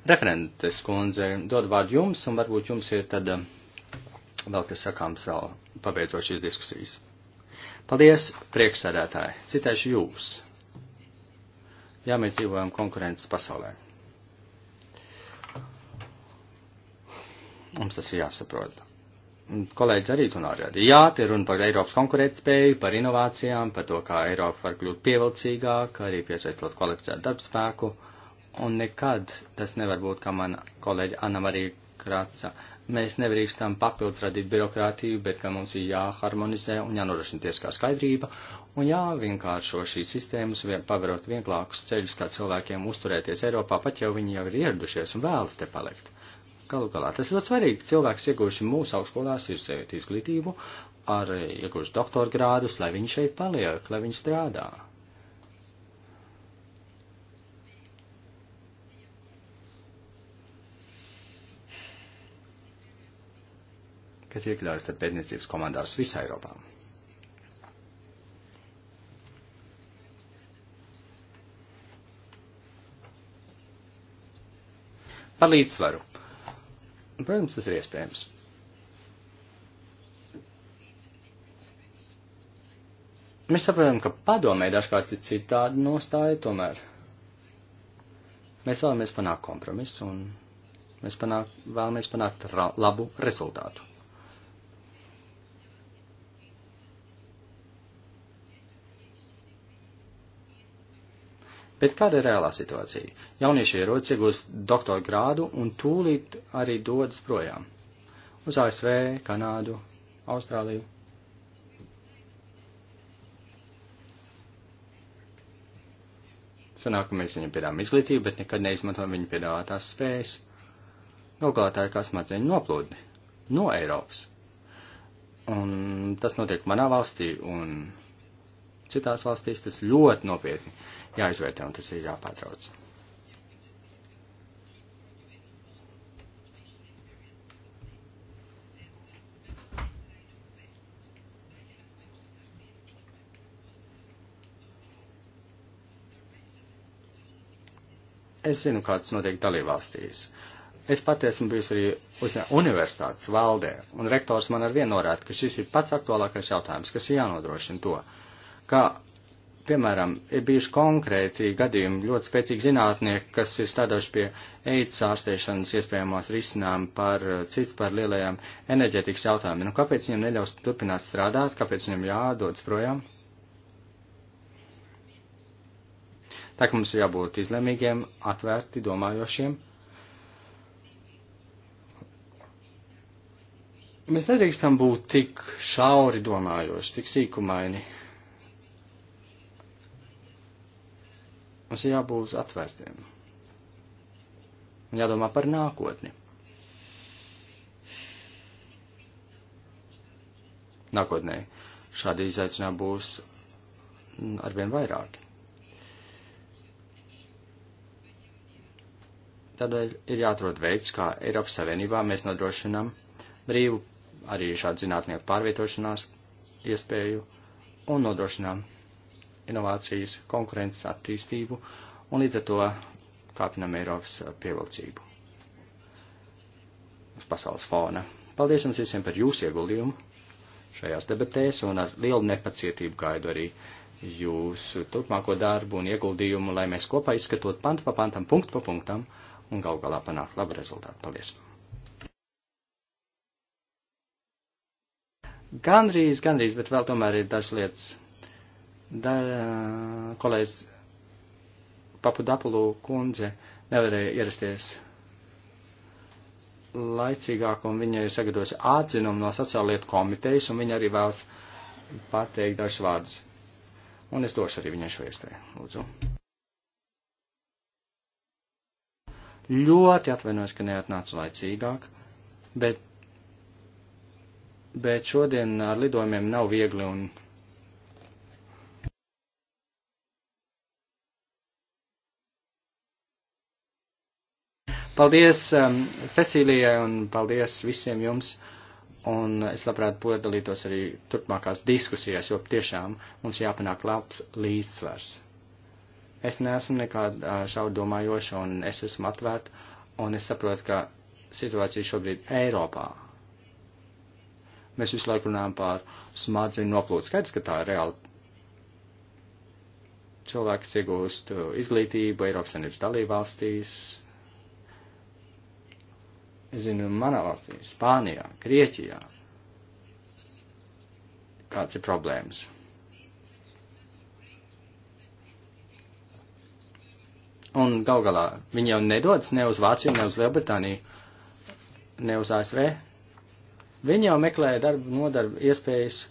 Referentes kundze, dod vārdu jums, un varbūt jums ir tad um, vēl kas sakāms vēl pabeidzot šīs diskusijas. Paldies, priekšsēdētāji! Citēšu jūs! Jā, mēs dzīvojam konkurences pasaulē. Mums tas ir jāsaprot. Kolēģi arī runā arī. Jā, te runa par Eiropas konkurētspēju, par inovācijām, par to, kā Eiropa var kļūt pievilcīgāka, arī piesaistot kvalificētu darbspēku. Un nekad tas nevar būt, kā mana kolēģa Anna Marija Kraca. Mēs nevarīkstam papildus radīt birokrātiju, bet ka mums ir jāharmonizē un jānorošina tieskā skaidrība un jāvienkāršo šīs sistēmas, vien, pavarot vienklākus ceļus, kā cilvēkiem uzturēties Eiropā, pat jau viņi jau ir ieradušies un vēlas te palikt. Galu galā tas ļoti svarīgi. Cilvēks iegūši mūsu augstskolās ir seviet izglītību, ar iegūši doktora grādus, lai viņš šeit paliek, lai viņš strādā. kas iekļaujas tad pētniecības komandās visā Eiropā. Par līdzsvaru. Protams, tas ir iespējams. Mēs saprotam, ka padomē dažkārt ir citāda nostāja, tomēr mēs vēlamies panākt kompromisu un mēs panāk, vēlamies panākt labu rezultātu. Bet kāda ir reālā situācija? Jaunieši ierodas, iegūst doktora grādu un tūlīt arī dodas projām. Uz ASV, Kanādu, Austrāliju. Sanāk, ka mēs viņam piedāvājam izglītību, bet nekad neizmantojam viņa piedāvātās spējas. Galvā tā ir kā smadzeņu noplūdne no Eiropas. Un tas notiek manā valstī, un Citās valstīs tas ļoti nopietni jāizvērtē un tas ir jāpārtrauc. Es zinu, kā tas notiek dalībvalstīs. Es pati esmu bijusi arī uz universitātes valdē, un rektors man ar vienu norāda, ka šis ir pats aktuālākais jautājums, kas ir jānodrošina to, ka, piemēram, ir bijuši konkrēti gadījumi ļoti spēcīgi zinātnieki, kas ir stādājuši pie eids ārstēšanas iespējamās risinājumu par eh, cits par lielajām enerģētikas jautājumiem. Nu, kāpēc viņiem neļaus turpināt strādāt, kāpēc viņiem jādodas projām? Tā kā mums ir jābūt izlēmīgiem, atvērti, domājošiem. Mēs nedrīkstam būt tik šauri domājoši, tik sīkumaini. Mums jābūt atvērtiem. Un jādomā par nākotni. Nākotnē šādi izaicinājumi būs arvien vairāki. Tādēļ ir jāatrod veids, kā Eiropas Savienībā mēs nodrošinām brīvu arī šādu zinātnieku pārvietošanās iespēju un nodrošinām inovācijas, konkurences attīstību un līdz ar to kāpinam Eiropas pievilcību uz pasaules fona. Paldies jums visiem par jūsu ieguldījumu šajās debatēs un ar lielu nepacietību gaidu arī jūsu turpmāko darbu un ieguldījumu, lai mēs kopā izskatot pantu pa pantam, punktu pa punktam un gal galā panākt labu rezultātu. Paldies! Gandrīz, gandrīz, bet vēl tomēr ir dažas lietas, Da, kolēģis Papudapulu kundze nevarēja ierasties laicīgāk, un viņa ir sagadojusi atzinumu no sociālietu komitejas, un viņa arī vēlas pateikt dažus vārdus. Un es došu arī viņai šo iespēju. Lūdzu. Ļoti atvainojos, ka neatnācu laicīgāk, bet, bet šodien ar lidojumiem nav viegli un Paldies um, Cecīlijai un paldies visiem jums. Un es labprāt podalītos arī turpmākās diskusijās, jo tiešām mums jāpanāk labs līdzsvars. Es neesmu nekāda uh, šaudu domājoša un es esmu atvērta un es saprotu, ka situācija šobrīd Eiropā. Mēs visu laiku runājam par smadzeņu noplūdu. Skaidrs, ka tā ir reāli. Cilvēks iegūst uh, izglītību Eiropas Savienības dalībvalstīs, es zinu, manā valstī, Spānijā, Grieķijā, kāds ir problēmas. Un gal galā viņi jau nedodas ne uz Vāciju, ne uz Lielbritāniju, ne uz ASV. Viņi jau meklē darbu nodarbu iespējas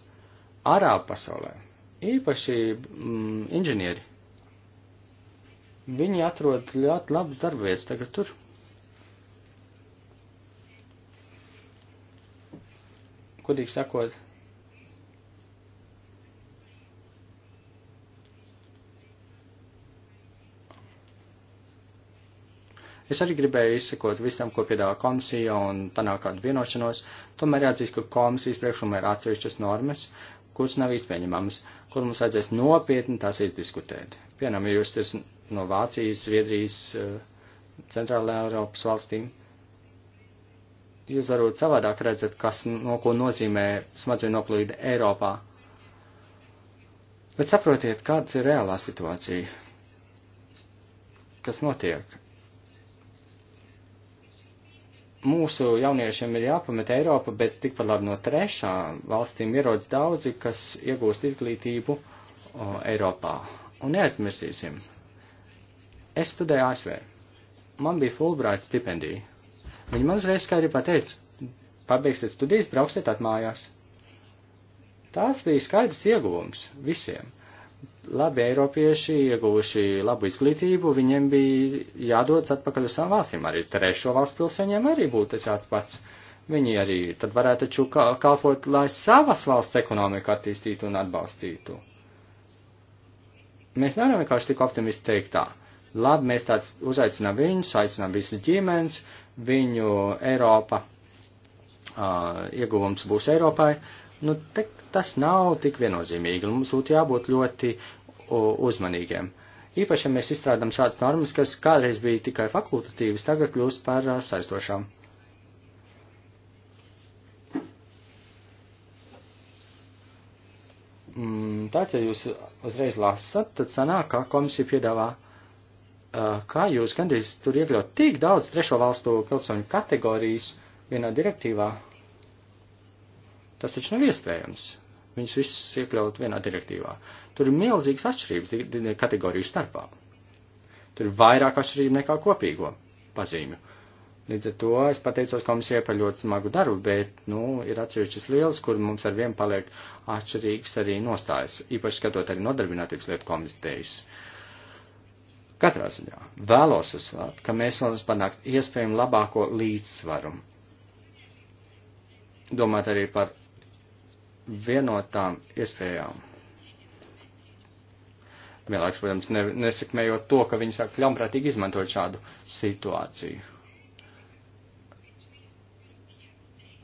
ārā pasaulē, īpaši mm, inženieri. Viņi atrod ļoti labas darbvietas tagad tur. godīgi sakot, Es arī gribēju izsekot visam, ko piedāvā komisija un panākt kādu vienošanos, tomēr jāatzīst, ka komisijas priekšumā ir atsevišķas normas, kuras nav izpieņemamas, kur mums vajadzēs nopietni tās izdiskutēt. Piemēram, ja jūs esat no Vācijas, Zviedrijas, eh, Centrāla Eiropas valstīm, Jūs varbūt savādāk redzat, kas no ko nozīmē smadzeņu noplūde Eiropā. Bet saprotiet, kāds ir reālā situācija? Kas notiek? Mūsu jauniešiem ir jāpamet Eiropa, bet tikpat labi no trešā valstīm ierodas daudzi, kas iegūst izglītību o, Eiropā. Un neaizmirsīsim. Es studēju ASV. Man bija Fulbright stipendija Viņa man uzreiz skaidri pateica, pabeigsiet studijas, brauksiet atmājās. Tās bija skaidrs ieguvums visiem. Labi eiropieši ieguvuši labu izglītību, viņiem bija jādodas atpakaļ uz savām valstīm, arī trešo valstu pilsoņiem arī būtu tas atpats. Viņi arī tad varētu taču kalpot, lai savas valsts ekonomiku attīstītu un atbalstītu. Mēs nevaram vienkārši tik optimisti teikt tā. Labi, mēs tā uzaicinām viņus, aicinām visas ģimenes, viņu Eiropa uh, ieguvums būs Eiropai, nu, te, tas nav tik viennozīmīgi, un mums būtu jābūt ļoti uzmanīgiem. Īpaši, ja mēs izstrādām šādas normas, kas kādreiz bija tikai fakultatīvas, tagad kļūst par uh, saistošām. Mm, tā, ja jūs uzreiz lasat, tad sanāk, ka komisija piedāvā uh, kā jūs gandrīz tur iekļaut tik daudz trešo valstu pilsoņu kategorijas vienā direktīvā? Tas taču nav iespējams. Viņus visus iekļaut vienā direktīvā. Tur ir milzīgas atšķirības kategoriju starpā. Tur ir vairāk atšķirību nekā kopīgo pazīmju. Līdz ar to es pateicos komisijai par ļoti smagu darbu, bet, nu, ir atsevišķas lielas, kur mums ar vien paliek atšķirīgs arī nostājas, īpaši skatot arī nodarbinātības lietu komitejas. Uh, Katrā ziņā vēlos uzsvērt, ka mēs vēlamies panākt iespējami labāko līdzsvaru. Domāt arī par vienotām iespējām. Vienlaiks, protams, ne, nesakmējot to, ka viņi sāk ļaunprātīgi izmantot šādu situāciju.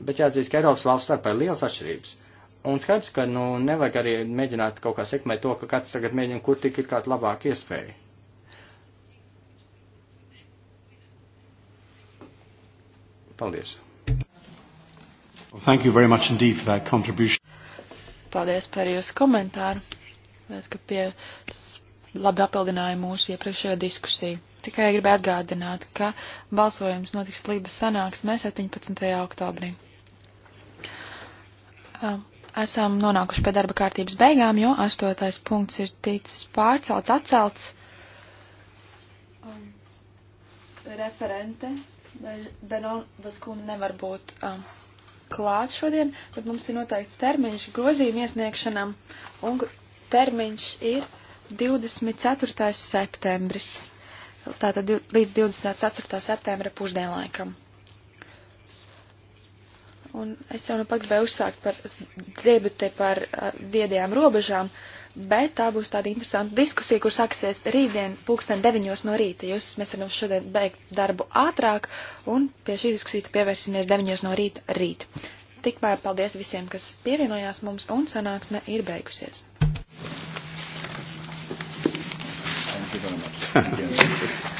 Bet jāatzīst, ka Eiropas valsts starpā ir liels atšķirības. Un skaidrs, ka nu, nevajag arī mēģināt kaut kā sekmēt to, ka kāds tagad mēģina, kur tik ir kāda labāka iespēja. Paldies!
Well, thank you very much indeed for that contribution. Paldies par jūsu komentāru. Mēs, ka pie tas labi apildināja mūsu iepriekšējo diskusiju. Tikai gribēju atgādināt, ka balsojums notiks Lības sanāksmē 17. oktobrī. Esam nonākuši pie darba kārtības beigām, jo astotais punkts ir ticis pārcelts, atcelts. Referente Danovas kundze nevar būt um, klāt šodien, bet mums ir noteikts termiņš grozījuma iesniegšanam, un termiņš ir 24. septembris. Tātad līdz 24. septembra pusdienlaikam. Un es jau nu pat gribēju uzsākt par debati par uh, viedajām robežām. Uh, bet tā būs tāda interesanta diskusija, kur sāksies rītdien pulksten deviņos no rīta. Jūs, mēs varam šodien beigt darbu ātrāk, un pie šī diskusija pievērsīsimies deviņos no rīta rīt. Tikmēr paldies visiem, kas pievienojās mums, un sanāksme ir beigusies.
Thank you very much.